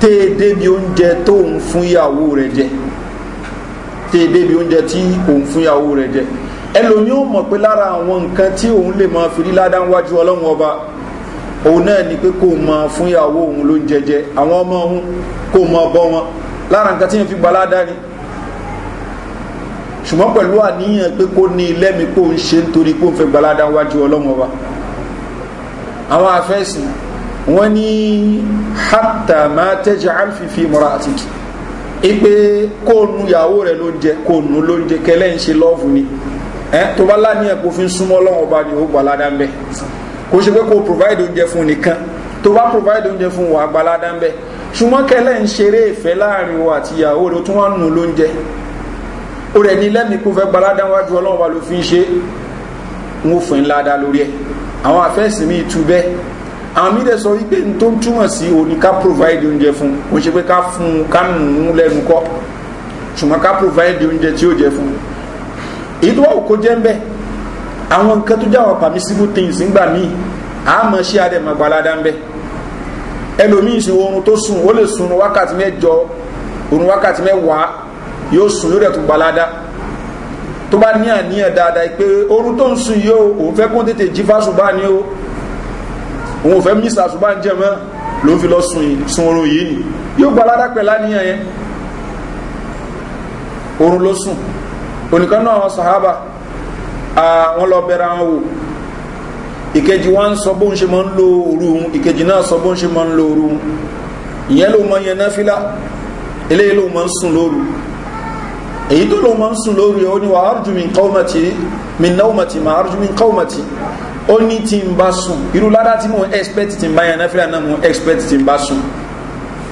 téèdé bí oúnjẹ tó ń fún ìyàwó rẹ̀ jẹ téèdé bí oúnjẹ tí òun fún ìyàwó rẹ̀ jẹ ẹlòmí ò mọ̀ pé lára àwọn nǹkan tí òun lè máa fi rí ládáwájú ọlọ́run ọba òun náà ni pé kò máa fún ìyàwó òun ló ń jẹjẹ àwọn ọmọ òun kò máa bọ́ wọn lára nǹkan tí yẹn fi gba ládàá ṣùgbọ́n pẹ̀lú àníyàn pé kó ní ilẹ́mi kó ń ṣe nítorí kó ń fẹ́ gba ládàá ọlọ́run ọba àwọn afẹ́sìn wọ́n ní hátà máa tẹ́jà alfifi mọ́ra àtìkì ipe kóònù ìyàwó rẹ̀ ló ń jẹ kóònù ló ń jẹ kẹlẹ́ ń ṣe lọ́ọ̀fù ni ẹ tó bá láníyàn kó fi ń súnmọ́ ọlọ́run ọba ni ó gbà ládàá ń bẹ kó ṣe pé kó provide oúnjẹ fún nìkan tó bá provide oúnjẹ fún wa gbà ládàá ń bẹ ṣùgbọ́n kẹlẹ́ ń ṣeré ìfẹ́ láàrin wa àti ìyàwó rẹ̀ ó tún wá nù ló ń jẹ ó rẹ̀ ní lẹ́mìí kó fẹ́ gbà ládàá wájú ọlọ́run wa ló fi ń ṣe ń fún ńlá dá lórí ẹ̀ àwọn àfẹ́sìn mi tú bẹ́ẹ̀ àwọn mídẹ sọ wípé n tó ń túmọ̀ sí òní ká provide oúnjẹ fún kò ṣe pé ká fún un ká nù ún lẹ́nu kọ́ ṣùgbọ́n ká provide oúnjẹ tí ó jẹ fún un èyí tó wà òkò jẹ́ ń bẹ́ àwọn nǹkan tó jáwọ́ permissible things ńgbà míì àmọ́ ṣé adẹ̀mọ̀gbàládá ń bẹ́ ẹlòmíì sí oorun tó sùn ó lè sun wákàtí mẹ́jọ oorun wákàtí mẹ́wàá yóò sùn yóò rẹ̀ tó gbalada tó bá ní àníyàn dáadáa pé oorun tó ń sùn yóò òun fẹ́ kó tètè jí fásùn bá ní o òun ò fẹ́ mí sàṣùbà ń jẹ mọ́ ló ń fi lọ sun oorun yìí ni yóò gba aládá pẹ̀lá níyàn yẹn oorun ló sùn onìkan náà sàhábà wọn lọ bẹ̀rẹ̀ àwọn wò ìkejì wa ń sọ bó ṣe máa ń lo òru òun ìkejì náà sọ bó ṣe máa ń lo òru òun ìyẹn ló mọ yẹn náfìlà eléyìí ló mọ ń sùn lóru èyí tó ló mọ ń sùn lóru yẹn ó ní wà á mi nǹkan ọmọ tì mà á mi nǹkan ó ní tí n bá sùn irú ládá tí mo expect tí n bá yan náfìlà náà mo expect tí n bá sùn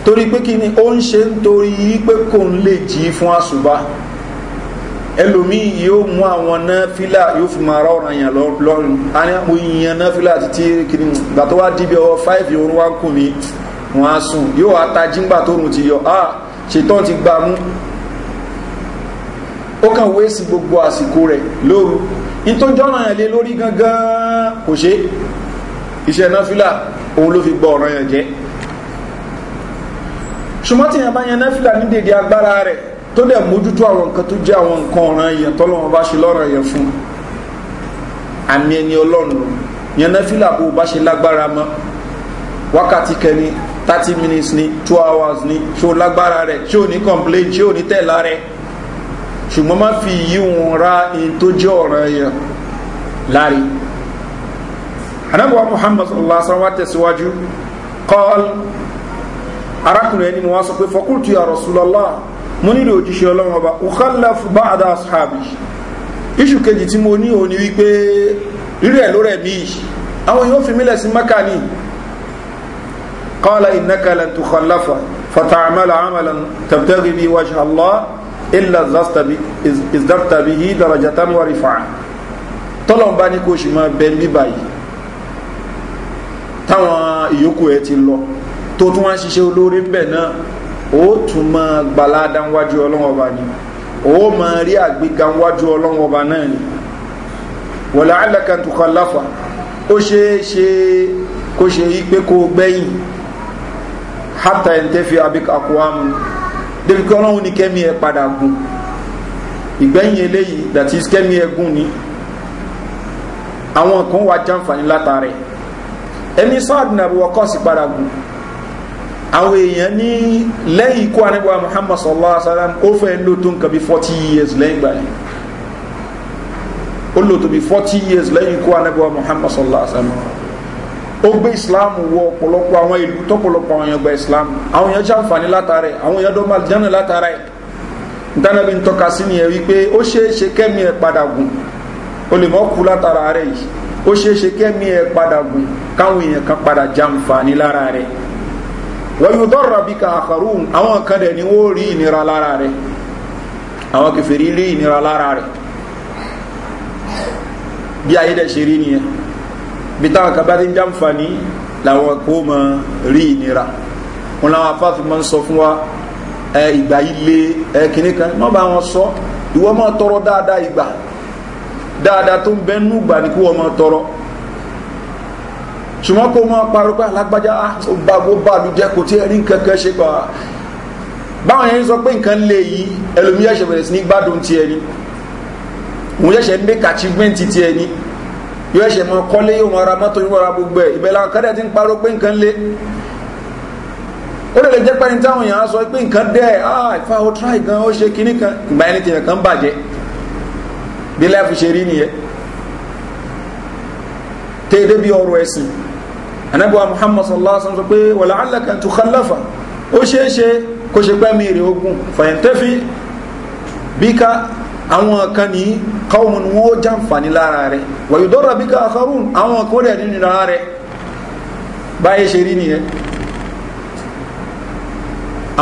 torí pé kí ni ó ń ṣe nítorí pé kò ń lè jí fún àṣùbá ẹlòmíì yóò mú àwọn náfìlà yóò fi máa rọrùn yàn lọ́rùn mo yan náfìlà títí kiri gbà tó wá díbi ọwọ́ five yorùn wá kùn mí wọ́n á sùn yóò wá tají ńgbà tó rùn ti yọ ah ṣètọ́ ti gbà mú ó kàn wéèsì gbogbo àsìkò rẹ̀ lóru ìtọ́jọ́ ọ̀ràn yẹn lé lórí gangan kò ṣe iṣẹ́ náfìlà òun ló fi gbọ́ ọ̀ràn yẹn jẹ́ ṣùgbọ́n tí yẹn bá yẹn náfìlà ní dèdè agbára rẹ̀ tó dẹ̀ mójútó àwọn nǹkan tó jẹ́ àwọn nǹkan ọ̀ràn yẹn tọ́lọ́wọ́n bá ṣe lọ́ràn yẹn fún àmì ẹni ọlọ́run yẹn náfìlà bó bá ṣe lágbára mọ́ wákàtí kẹni thirty minutes ni two hours ni ṣó lágbára rẹ̀ ṣó ní complain ṣó ní tẹ̀lá rẹ̀ ṣùgbọ́n má fi yí wọn ra in tó jẹ́ ọ̀ràn yẹn lárí anábọ̀wá muhammad sallallahu alaihi wa tẹ̀síwájú kọ́l arákùnrin ẹni mo wá sọ pé fọkúrtù ya rasulallah mo nílò òjíṣẹ́ ọlọ́run ọba ukhalaf ba'da ashabi iṣu kejì tí mo ní òní wípé rírẹ̀ lórẹ̀ bí àwọn yóò fi ilà ìzdàtàbí yìí dàrájà táwọn àrífà tọ́lọ̀ bá ní kó ṣì máa bẹ bíbà yìí táwọn ìyókù ẹ ti lọ tó tún wá ń ṣiṣẹ́ olóore ń bẹ̀ náà ó tún máa gbalada wájú ọlọ́wọ́ bá ní ó máa rí àgbéga wájú ọlọ́wọ́ bá náà ni wọ̀lá alákàntúkọ̀ láfà ó ṣe é ṣe kó ṣe yí pé kó gbẹ́yìn hátà ẹ̀ ń tẹ́ fi abik débi kí ọlọ́run ní kẹ́mi ẹ padà gùn ìgbẹ́yìn eléyìí that is kẹ́mi ẹ gùn ni àwọn kan wá jàǹfààní látàrí ẹni sáàdì nàbí wọ́kọ́ sí padà gùn àwọn èèyàn ní lẹ́yìn ikú anábíwá muhammad sallallahu alaihi wa sallam ó fẹ́ ló tó nǹkan bí forty years lẹ́yìn gbà yìí ó lò tó bí forty years lẹ́yìn ikú anábíwá muhammad sallallahu alaihi wa sallam ó gbé islam wọ ọ̀pọ̀lọpọ̀ àwọn ìlú tọ́pọ̀lọpọ̀ àwọn èèyàn gba islam àwọn èèyàn jàǹfààní látara ẹ̀ àwọn èèyàn dọ́mà jánà látara ẹ̀ dánàbí ń tọ́ka sí nìyẹn wípé ó ṣeéṣe kẹ́mi ẹ̀ padà gùn o lè mọ́ kú látara rẹ̀ yìí ó ṣeéṣe kẹ́mi ẹ̀ padà gùn káwọn èèyàn kan padà jàǹfààní lára rẹ̀ wọ́n yóò dọ́rọ̀ bí ká àkàrùn àwọn kan dẹ̀ ni wọ́n rí ìnira lára rẹ̀ àwọn kẹfẹ́ rí ìnira lára rẹ̀ bí ayé dẹ̀ ṣe rí nìyẹn Bita táwọn kan bá ti ń jàǹfààní làwọn kó mọ rí ìnira wọn làwọn afáàfin máa ń sọ fún wa ẹ ìgbà e, yìí lé e, ẹ kìnnì kan má bá wọn sọ ìwọ máa tọrọ dáadáa ìgbà dáadáa tó ń bẹ nú ìgbà ni kí wọn máa tọrọ ṣùgbọ́n kó mọ́ parọ́pá alágbájá gbogbo bàlù jẹ́ kò tí ẹ̀rí kankan ṣe pa báwọn yẹn sọ pé nǹkan lè yí ẹlòmíyàṣẹ̀ bẹ̀rẹ̀ sí ní gbádùn ti ẹni òun yẹ̀ṣẹ̀ ń bẹ́ ti ẹni yóò ẹ̀ṣẹ̀ mọ kọ́lé yóò mọ ara mọ́tò yóò ra gbogbo ẹ̀ ìbẹ̀lẹ̀ àwọn kẹ́dẹ̀ ti ń parọ́ pé nǹkan lé ó lè lè jẹ́ pẹ́ni táwọn èèyàn sọ pé nǹkan dẹ́ ẹ̀ ah ìfà ó try gan ó ṣe kinní kan ìgbà ẹni tèèyàn kan bàjẹ́ bí láìfù ṣe rí nìyẹn tèèdè bí ọrọ̀ ẹ̀sìn anábíwá muhammad sallallahu alaihi wasallam sọ pé wàlá alaka tó khallafa ó ṣeé ṣe kó ṣe pẹ́ mi rè ogun fàyẹ̀ntẹ́fì bíkà àwọn kan nìyí káwọn ni wọ́n jàǹfààní lára rẹ̀ wàyùdọ́rọ̀ bí ká àkọrùn àwọn kan rẹ̀ nínú lára rẹ̀ báyé ṣe rí nìyẹn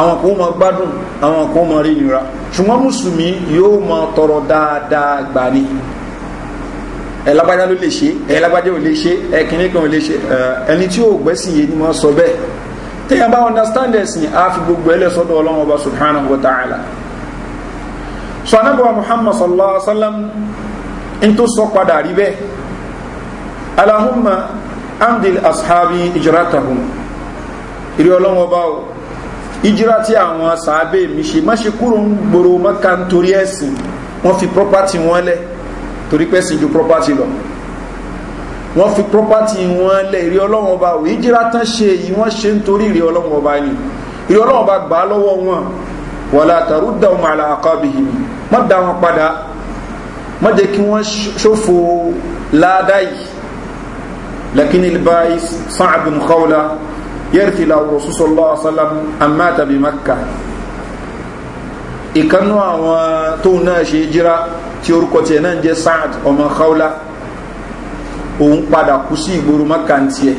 àwọn kan máa gbádùn àwọn kan máa rí nira ṣùgbọ́n mùsùlùmí yóò máa tọrọ dáadáa gbà ni ẹ lágbájá ló lè ṣe ẹ lágbájá ò lè ṣe ẹ kìnìún kan ò lè ṣe ẹni tí yóò gbẹ́sìn yé ni wọ́n sọ bẹ́ẹ̀ téèyàn understand ẹ̀sìn á fi gbogbo ẹlẹ́sọ́dọ̀ ọlọ́run ọba subhanahu wa ta'ala so anabuwa muhammad sallallahu alaihi wasallam in to sọ padà rí bẹ́ẹ̀ alahumma amdil ashabi ijratahum ìrí ọlọ́wọ́ bá o ìjírá tí àwọn sàábẹ̀ mi ṣe má ṣe kúrò ń gbòòrò mọ́ka nítorí ẹ̀sìn wọ́n fi property wọn lẹ̀ torí pẹ́ sìn ju property lọ wọ́n fi property wọn lẹ̀ ìrí ọlọ́wọ́ bá o ìjírá tán ṣe èyí wọ́n ṣe nítorí ìrí ọlọ́wọ́ bá ni ìrí ọlọ́wọ́ bá gbà lọ́wọ́ wọn wàlá tàrúdà ọmọ àlàkọ́bìhì má dá wọn padà má jẹ́ kí wọ́n ṣòfò ládàá yìí lakini libaayi sa'abun kawla yẹ́rìtì làwùrọ̀ sọ́sọ́ lọ́wọ́ sálám àmà tàbí makka ìkanú àwọn tóun náà ṣe jíra tí orúkọ tiẹ̀ náà jẹ́ sa'ad ọmọ kawla òun padà kú sí ìgboro makka tiẹ̀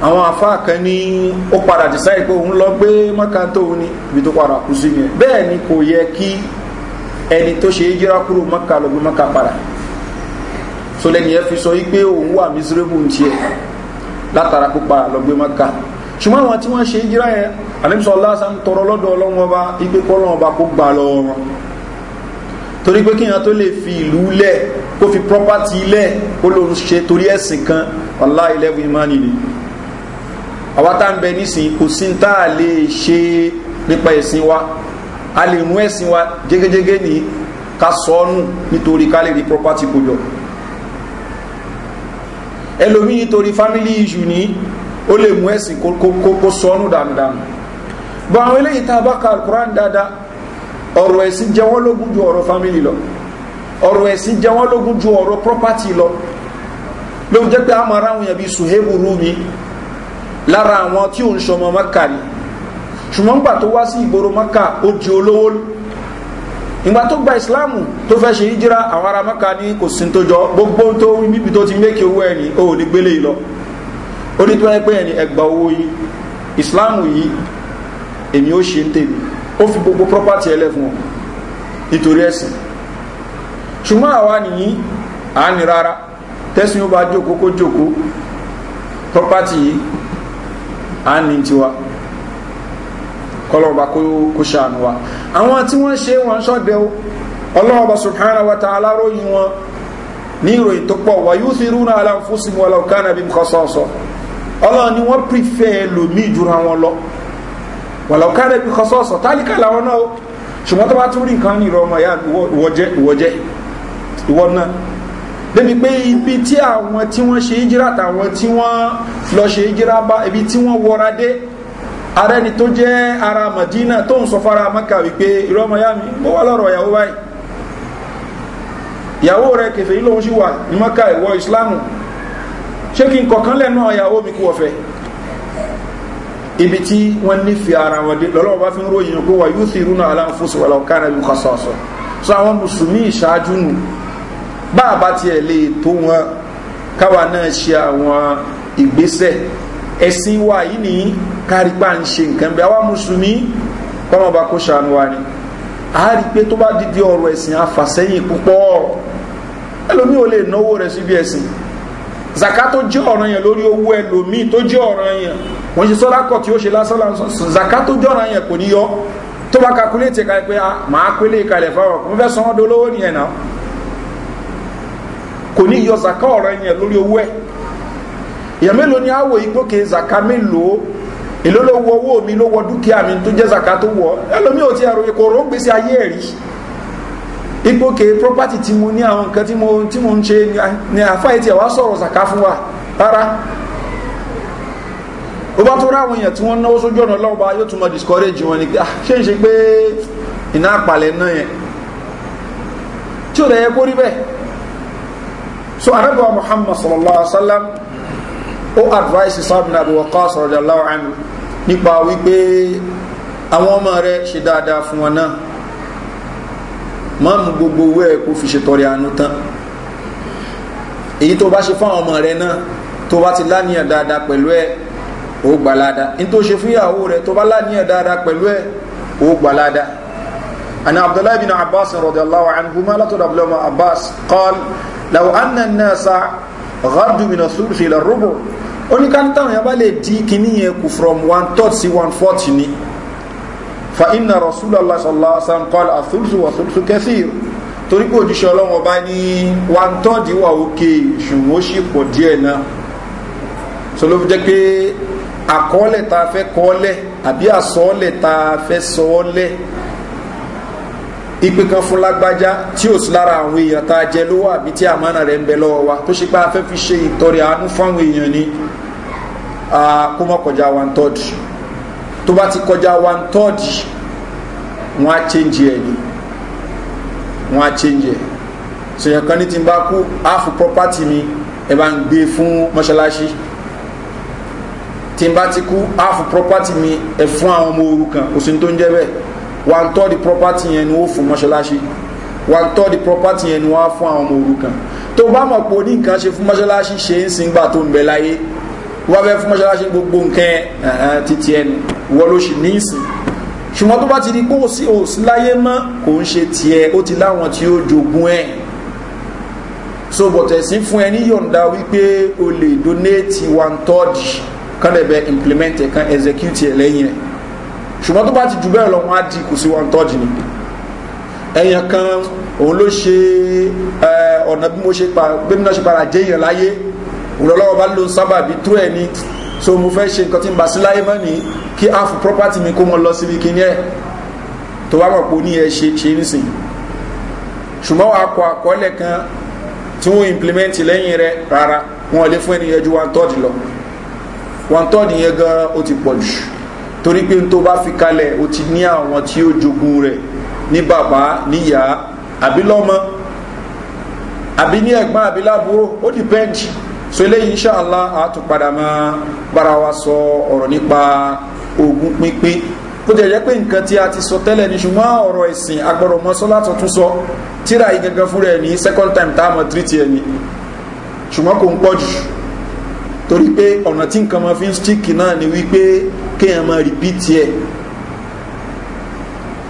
àwọn afá kan ní ó padà dìsáì pé òun lọ gbé mọ́ká tóun ní ibi tó padà kú sí yẹn bẹ́ẹ̀ ni kò yẹ kí ẹni tó ṣe é jíra kúrò mọ́ká lọ gbé mọ́ká padà so lẹ́ni ẹ fi sọ wípé òun wà miserable tiẹ̀ látara pípa lọ gbé mọ́ká ṣùgbọ́n àwọn tí wọ́n ṣe é jíra yẹn àlẹ́bísọ̀ lásán tọrọ lọ́dọ̀ ọlọ́run ọba ipe kọ́lọ́run ọba kó gbà lọ́wọ́ wọn torí pé kíyàn tó lè fi ìlú lẹ̀ kó fi property lẹ̀ kó lóun ṣe torí ẹ̀sìn kan wàlá ilẹ̀ ìmánì àwa tá ń bẹ nísìn kò sí tá a lè ṣe nípa ẹ̀sìn wa a lè mú ẹ̀sìn wa jégéjégé ní ká sọ ọ́ nù nítorí ká lè rí property kójọ ẹlòmí nítorí family issue ní ó lè mú ẹ̀sìn kó sọ ọ́ nù dànùdànù bọ́ àwọn eléyìí tá a bá ka alukuran dáadáa ọ̀rọ̀ ẹ̀sìn jẹ́ lógún ju ọ̀rọ̀ family lọ ọ̀rọ̀ ẹ̀sìn jẹ́ lógún ju ọ̀rọ̀ property lọ ló jẹ́ pé a máa yẹn bí suhebu rumi lára àwọn tí ò ń sọmọ maka ni ṣùgbọ́n gbà tó wá sí ìgboro maka ó di olówó ìgbà tó gba ìsìláàmù tó fẹ́ ṣe yíjíra àwọn ará maka ní kò sí tó jọ gbogbo tó níbi tó ti mékè owó ẹni ó ní gbélé lọ ó ní tó wáyé ẹni ẹgbà owó yìí ìsìláàmù yìí èmi ó ṣe ń tèmi ó fi gbogbo property ẹlẹ́ fún ọ nítorí ẹ̀sìn ṣùgbọ́n àwa nìyí à ń ní rárá tẹ́sìn ó bá jókòó kó jókòó property yìí á ní tiwa kọlọ́ọ̀bá kó ṣàánú wa àwọn tí wọ́n ṣe wọ́n ṣọ́gbẹ́ o ọlọ́ọ̀bá subhanahu wa ta'ala ròyìn wọn ní ìròyìn tó pọ̀ wà yóò fi rúnà aláǹfóṣì mu aláǹkánà bí nǹkan sọ̀ọ̀sọ̀ ọlọ́ọ̀ ni wọ́n pífẹ́ lòmí ìjura wọn lọ wàláǹkánà bí nǹkan sọ̀ọ̀sọ̀ tálíkà làwọn náà ṣùgbọ́n tó bá tún rí nǹkan ní ìrọ̀ ọmọ ìyá ìwọ́jẹ́ ìwọ́jẹ́ ìwọ́ náà débi pé ibi tí àwọn tí wọ́n ṣe ìjírà àtàwọn tí wọ́n lọ ṣe ìjírà bá ibi tí wọ́n wọra dé ara ẹni tó jẹ́ ara mọ̀dínà tó ń sọ fara mọ́kà wípé ìrọ́mọ yá mi bó wà lọ́rọ̀ ìyàwó báyìí ìyàwó rẹ̀ kẹfẹ́ yìí lóun sì wà ní mọ́kà ìwọ ìsìláàmù ṣé kí n kọ̀kan lẹ́nu ìyàwó mi kú ọ̀fẹ́ ibi tí wọ́n nífẹ̀ẹ́ ara wọn dé lọ́lọ́wọ́ bá fi ń ròyìn pé wà yóò sì rúnà aláǹfóṣù wà lọ́kàrà ìlú kan sọ̀ọ̀sọ̀ so àwọn mùsùlùmí ìṣáájú nù bá a bá tiẹ̀ lè tó wọn káwa náà ṣe àwọn ìgbésẹ̀ ẹ̀sìn wa yìí ní kárípà ń ṣe nǹkan bẹ́ẹ̀ àwa mùsùlùmí kọ́mọba kó ṣàánú wa ni a rí i pé tó bá dídí ọ̀rọ̀ ẹ̀sìn afàsẹ́yìn púpọ̀ ẹlòmíì ò lè náwó rẹ̀ síbi ẹ̀sìn zaka tó jẹ́ ọ̀ràn yẹn lórí owó ẹlòmíì tó jẹ́ ọ̀ràn yẹn wọ́n ṣe sọ́lá kọ̀ tí ó ṣe lásán lásán zaka tó jẹ́ ọ̀ràn yẹn kò ní yọ tó bá kakuléètì kalẹ̀ pé ah, máa pélé kalẹ̀ fáwọn mo fẹ́ sanwó dolówó nìyẹn náà yọ zaka ọ̀rọ̀ yẹn lórí owó ẹ̀ mélòó ni àwọ̀ igbó zaka mélòó èló ló wọ owó mi ló wọ mi tó jẹ́ zaka tó wọ ẹlòmí ò ti ẹ̀rọ ikọ̀ ọ̀rọ̀ gbèsè ayé ẹ̀ rí igbó property tí mo ní àwọn nǹkan tí mo tí mo ń ṣe ni àfáyé tí ẹ̀ wá zaka fún wa rárá ó bá tó ráwọn èèyàn tí wọ́n náwó sójú ọ̀nà discourage wọn ni ah, ṣé ń ṣe pé àpàlẹ̀ náà yẹn tí ò kó so anabiwa muhammad sallallahu alaihi wa sallam ó advice sábìn àbí wọ́kọ́ sọ̀rọ̀dà láwọn nípa wípé àwọn ọmọ rẹ̀ ṣe dáadáa fún wọn náà má mú gbogbo owó ẹ̀ kó fi ṣe tọrẹ àánú tán èyí tó bá ṣe fún àwọn ọmọ rẹ̀ náà tó bá ti láníyàn dáadáa pẹ̀lú ẹ̀ ó gbalada nítorí ṣe fún ìyàwó rẹ̀ tó bá láníyàn dáadáa pẹ̀lú ẹ̀ ó gbalada ana abdullahi bin abbas radiyallahu anhu ma látọ̀dọ̀ abdullahi abbas qala làwọn anna náà sa ọ̀gáàdùmínà sùúrùsì ilẹ̀ rúbù oníkàntàn yẹn bá lè di kíní yẹn kù from one third sí one forty ni fa inna rasulallah sallallahu alaihi wa sallam kọ́lá àtúrùsù wà sùúrùsù kẹsìrì torí pé òjíṣẹ́ ọlọ́wọ́n bá ní one third wà òkè ṣùgbọ́n ó sì pọ̀ díẹ̀ náà so ló fi jẹ́ pé àkọọ́lẹ̀ tá fẹ́ kọ́ọ́lẹ̀ àbí àsọ́ọ́lẹ̀ tá fẹ́ sọ́ọ́lẹ̀ ipe kan fún lágbájá tí ò sí lára àwọn èèyàn tá a jẹ ló wà bí tí àmọ́nà rẹ̀ ń bẹ lọ́wọ́ wa tó ṣe pé a fẹ́ fi ṣe ìtọrẹ àánú fáwọn èèyàn ni kó mọ̀ kọjá one third tó bá ti kọjá one third wọ́n á change ẹ̀ ni wọ́n á change ẹ̀ sèyàn kan ní ti bá kú half property mi ẹ̀ bá ń gbé fún mọ́ṣáláṣí tí n bá ti kú half property mi ẹ̀ fún àwọn ọmọ òrukàn kò sí ní tó ń jẹ́ bẹ́ẹ̀ one di property yẹn ni ó fún mọ́ṣáláṣí one third property yẹn ni wọ́n á fún àwọn ọmọ òrukàn tó bá mọ̀ pé oní nǹkan ṣe fún mọ́ṣáláṣí ṣe ń sin gbà tó ń bẹ láyé wọ́n fẹ́ fún mọ́ṣáláṣí gbogbo nǹkan ẹ̀ títí ẹnu wọ́n ló ṣì ní ìsìn ṣùgbọ́n tó bá ti di pé òsì òsì láyé mọ́ kò ń ṣe tiẹ̀ ó ti láwọn tí ó jogún ẹ̀ so bọ̀tẹ̀ sí fún ẹ ní yọ̀ǹda wípé o lè donate one third kan lè bẹ implement ẹ̀ kan execute ẹ̀ lẹ́yìn ẹ̀ ṣùgbọ́n tó bá ti jù bẹ́ẹ̀ lọ wọ́n á di kò sí one third ni ẹ̀yàn kan òun ló ṣe ọ̀nà bí mo ṣe pa bí mo náà ṣe para jẹ́ èèyàn láyé òun lọ́wọ́ bá ló ń sábà bí tú ẹ̀ ni so mo fẹ́ ṣe nǹkan tí ń bá sí láyé mọ́ kí half property mi kó wọn lọ síbi kíní ẹ̀ tó bá mọ̀ pé ó ní ẹ ṣe ṣe nísìn ṣùgbọ́n wàá kọ àkọọ́lẹ̀ kan tí wọ́n implement lẹ́yìn rẹ̀ rárá wọn lè fún ẹnìyẹn ju one third lọ one third yẹn gan ó ti pọ̀ jù torí pé tó bá fi kalẹ̀ o ti ní àwọn tí ó jogun rẹ̀ ní bàbá níyà àbí lọ́mọ àbí ní ẹ̀gbọ́n àbí lábúrò ó dìpẹ́ǹdì so eléyìí inṣàlá àtúpadà máa bára wa sọ ọ̀rọ̀ nípa ogún pínpín ó jẹ́ pé nǹkan tí a ti sọ tẹ́lẹ̀ ní ṣùgbọ́n ọ̀rọ̀ ẹ̀sìn agbọ̀rọ̀ mọ́ sọ́látọ̀ tún sọ tíra yìí gangan fúnra ẹ̀ ní second time tá a mọ̀ tírítì ẹ̀ ní ṣùgbọ́n kò ń pọ̀ jù torí pé ọ̀nà tí nǹkan mọ́ fi ń stíkì náà ni wípé kéèyàn máa rìpíìtì ẹ̀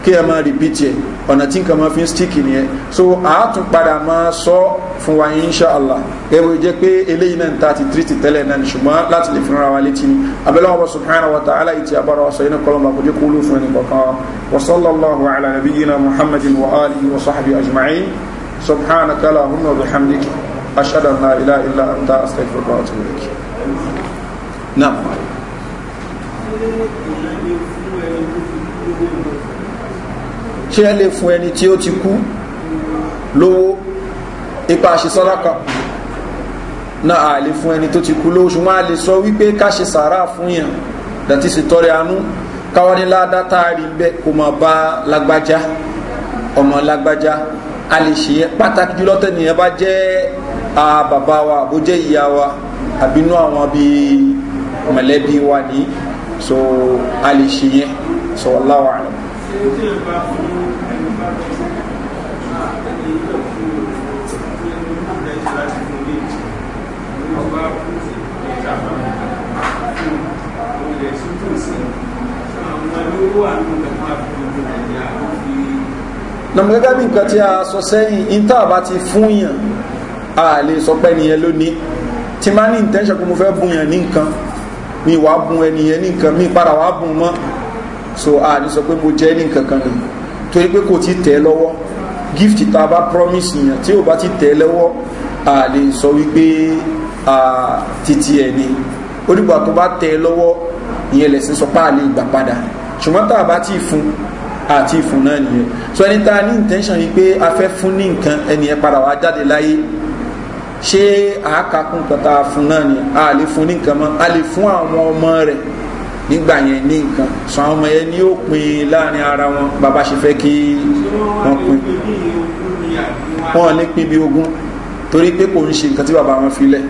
kéèyàn máa rìpíìtì ẹ̀ ọ̀nà tí nǹkan máa fi ń stíkì nìyẹn so àátún padà máa sọ fún wa inṣàlá ẹ̀rọ jẹ́ pé eléyìí náà ta ti tírítì tẹ́lẹ̀ náà ṣùgbọ́n láti lè fúnra wa létí ni abẹ́lẹ́ wọn bá subhanahu wa ta'ala ìtì abára wa sọ iná kọlọ́n bá kò dé kúlù fún ẹni kọ̀ọ̀kan wa wa sallallahu ala nabiyyina muhammadin wa alihi wa sahbihi ajma'in subhanaka allahumma bihamdik ashhadu an la ilaha illa anta astaghfiruka wa atubu ilayk na'am ṣé ẹ lè fún ẹni tí ó ti kú lówó ipa àṣìsọ́lá kan náà a lè fún ẹni tó ti kú lówó ṣùgbọ́n a lè sọ wípé ká ṣe sàárà fún yàn dàtí sì tọrẹ àánú káwọn ní ládá táàrí bẹ́ẹ̀ kó máa bá lágbájá ọmọ lágbájá a lè ṣe é pàtàkì jùlọ tẹnìyàn bá jẹ́ bàbá wa àbójẹ́ ìyá wa àbínú àwọn bíi mọ̀lẹ́bí wa nìyí so a lè ṣe yẹn so Allahu a'lam. nàmú gẹ́gẹ́ bí nǹkan tí a sọ sẹ́yìn inter bá ti fún yàn a lè sọ pé nìyẹn lónìí tí máa ní intention pé mo fẹ́ bùn yàn ní nǹkan mi wàá bùn ẹnìyẹn ní nǹkan mi padà wàá bùn mọ́ so a ní sọ pé mo jẹ́ ní nǹkan kan nìyí torí pé kò tí tẹ̀ lọ́wọ́ gift tá bá promise yàn tí ò bá ti tẹ̀ lọ́wọ́ a lè sọ wípé a titi ẹ̀ ni ó dìgbà tó bá tẹ̀ lọ́wọ́ ìyẹn lẹ̀sìn sọ pé a lè gbà padà ṣùgbọ́n tá a bá ti fún àti ìfún náà nìyẹn so ẹni tá a ní intention yìí pé a fẹ́ fún ní nǹkan ẹnìyẹn padà wá jáde láyé ṣé àákàkùn kọta fún náà ni a lè fún ní nǹkan mọ́ a lè fún àwọn ọmọ rẹ̀ nígbà yẹn ní nǹkan sọ àwọn ọmọ yẹn ni ó pin láàrin ara wọn bàbá ṣe fẹ́ kí wọ́n pin wọn ní pín bí ogún torí pé kò ń ṣe nǹkan tí bàbá wọn fi lẹ̀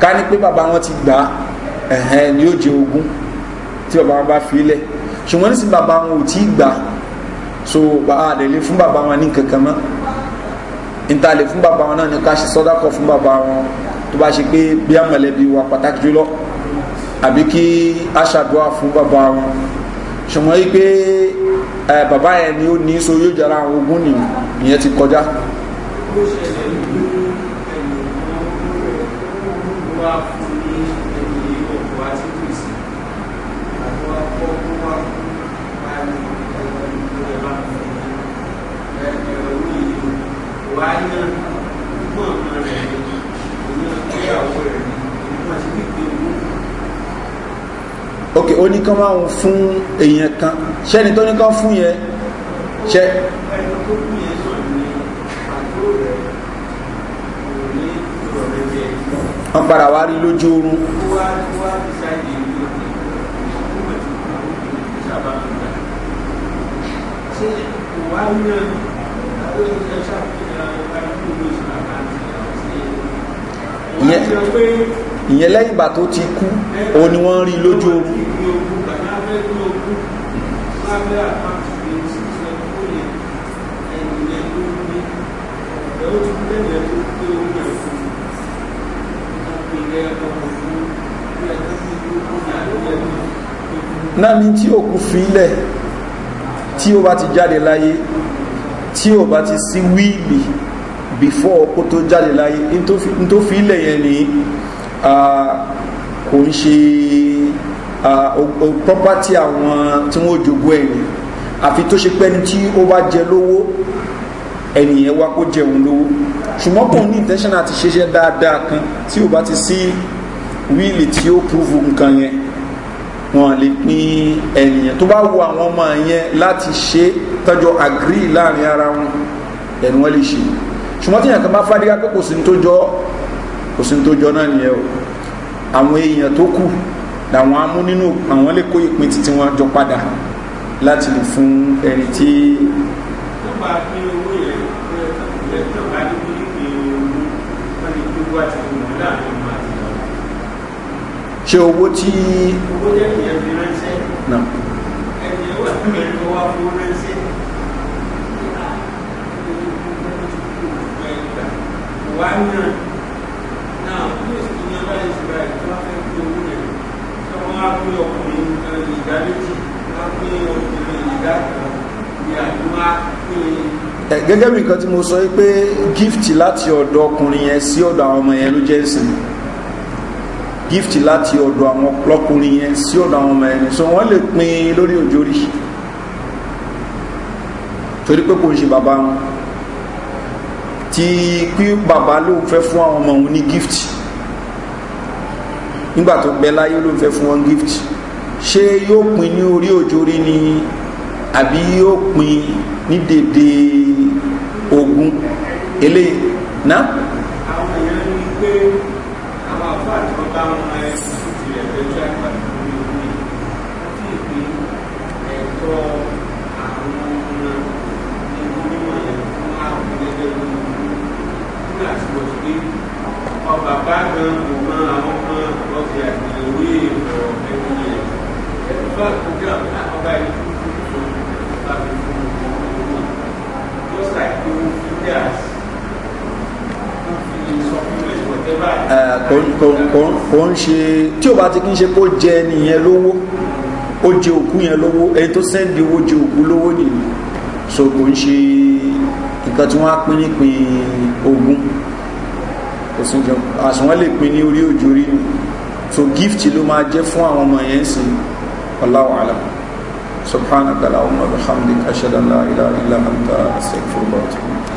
ká ní pé bàbá wọn ti gbà ẹ̀hẹ́n ni ó jẹ ogún tí bàbá wọn bá fi lẹ̀ ṣùgbọ́n nísìnyí bàbá wọn ò tí ì gbà so àdèlé fún bàbá wọn ní nǹkan kan mọ́ ntalè fún bàbá wọn náà ni ká ṣe sọ́dákọ̀ fún bàbá wọn tó bá ṣe pé bí amọ̀lẹ́bí wa pàtàkì jùlọ àbí kí aṣàdúrà fún bàbá wọn ṣùgbọ́n yí pé bàbá yẹn ni ó ní so yóò jara àwọn ogún ni ìyẹn ti kọjá. ló ṣẹlẹ̀ ní ẹ̀yìn wọn wá fún wá ná ní ìgbọ́n ok ó ní kán máa ń fún èèyàn kan ṣẹ́ni tó ní kán fún yẹn ṣẹ́. ẹni tó fún yẹn sọ wọ́n padà wá rí lójú oorun. wá wá ń gbà. ṣé kò ń yàn lórí ìyẹn lẹ́yìn ìgbà tó ti kú òun ni wọ́n ń rí lójú ogun náà ní tí òkú filẹ̀ tí ó bá ti jáde láyé tí ó bá ti sí wíìlì before kó tó jáde láyé n tó fi ilẹ̀ yẹn ni kò ń ṣe property àwọn tí wọ́n jogún ẹ̀ ni àfi tó ṣe pẹ́ni tí ó bá jẹ lówó ẹnìyẹn wá kó jẹun lówó ṣùgbọ́n kò ní intention àti ṣiṣẹ́ dáadáa kan tí ò bá ti sí wíìlì tí ó prove nǹkan yẹn wọn lè pín ẹnìyàn tó bá wo àwọn ọmọ yẹn láti ṣe tọjọ agree láàrin ara wọn ẹnu wọn lè ṣe ṣùgbọ́n tí èèyàn kan bá fádígá pé kò sí tó jọ kò sí tó jọ náà nìyẹn o àwọn èèyàn tó kù làwọn amú nínú àwọn lè kó ìpín títí wọn jọ padà láti lè fún ẹni tí. nípa pé owó yẹn tí. owó jẹ́ ìyẹn fi ránṣẹ́. ẹ̀jẹ̀ wà fún ẹ̀rọ wa fún ránṣẹ́. wà náà náà bí èsì ní gẹ́gẹ́ bí nǹkan tí mo sọ pé gift láti ọ̀dọ̀ ọkùnrin yẹn sí ọ̀dọ̀ àwọn ọmọ yẹn ló jẹ́ ìsìn gift láti ọ̀dọ̀ àwọn ọkùnrin yẹn sí ọ̀dọ̀ àwọn ọmọ yẹn so wọ́n lè pin lórí òjòrí torí pé kò ń ṣe bàbá wọn tí pí bàbá ló fẹ́ fún àwọn ọmọ òun ní gift nígbà tó gbẹ láyé ló fẹ́ fún wọn gift ṣé yóò pin ní orí òjòrí ni àbí yóò pin ní dèdè ogun eléyìí náà. àwọn èèyàn ní pé àwọn àfáà tó bá wọn ẹ. àwọn bàbá kan kò mọ àwọn ọmọ ọ̀fi àgbèwé ìrọ̀ ẹni yẹn ẹni bá kó dé ọba yìí fún fún fún láti fún fún fún fún just like two fingers kó fi supplement whatever. kò ń ṣe tí o bá ti kí ń ṣe kó jẹ nìyẹn lówó ó jẹ òkú yẹn lówó ẹni tó sẹ́ndì owó jẹ òkú lówó nìyẹn so kò ń ṣe nǹkan tí wọ́n á pín nípìn ogún kò sí jẹun àsùnwọ́n lè pin ní orí òjò rí ni so gift ló máa jẹ́ fún àwọn ọmọ yẹn sí ọláwà àlà subhanaka allahumma bihamdika ashhadu an la ilaha illa anta astaghfiruka wa atubu ilayk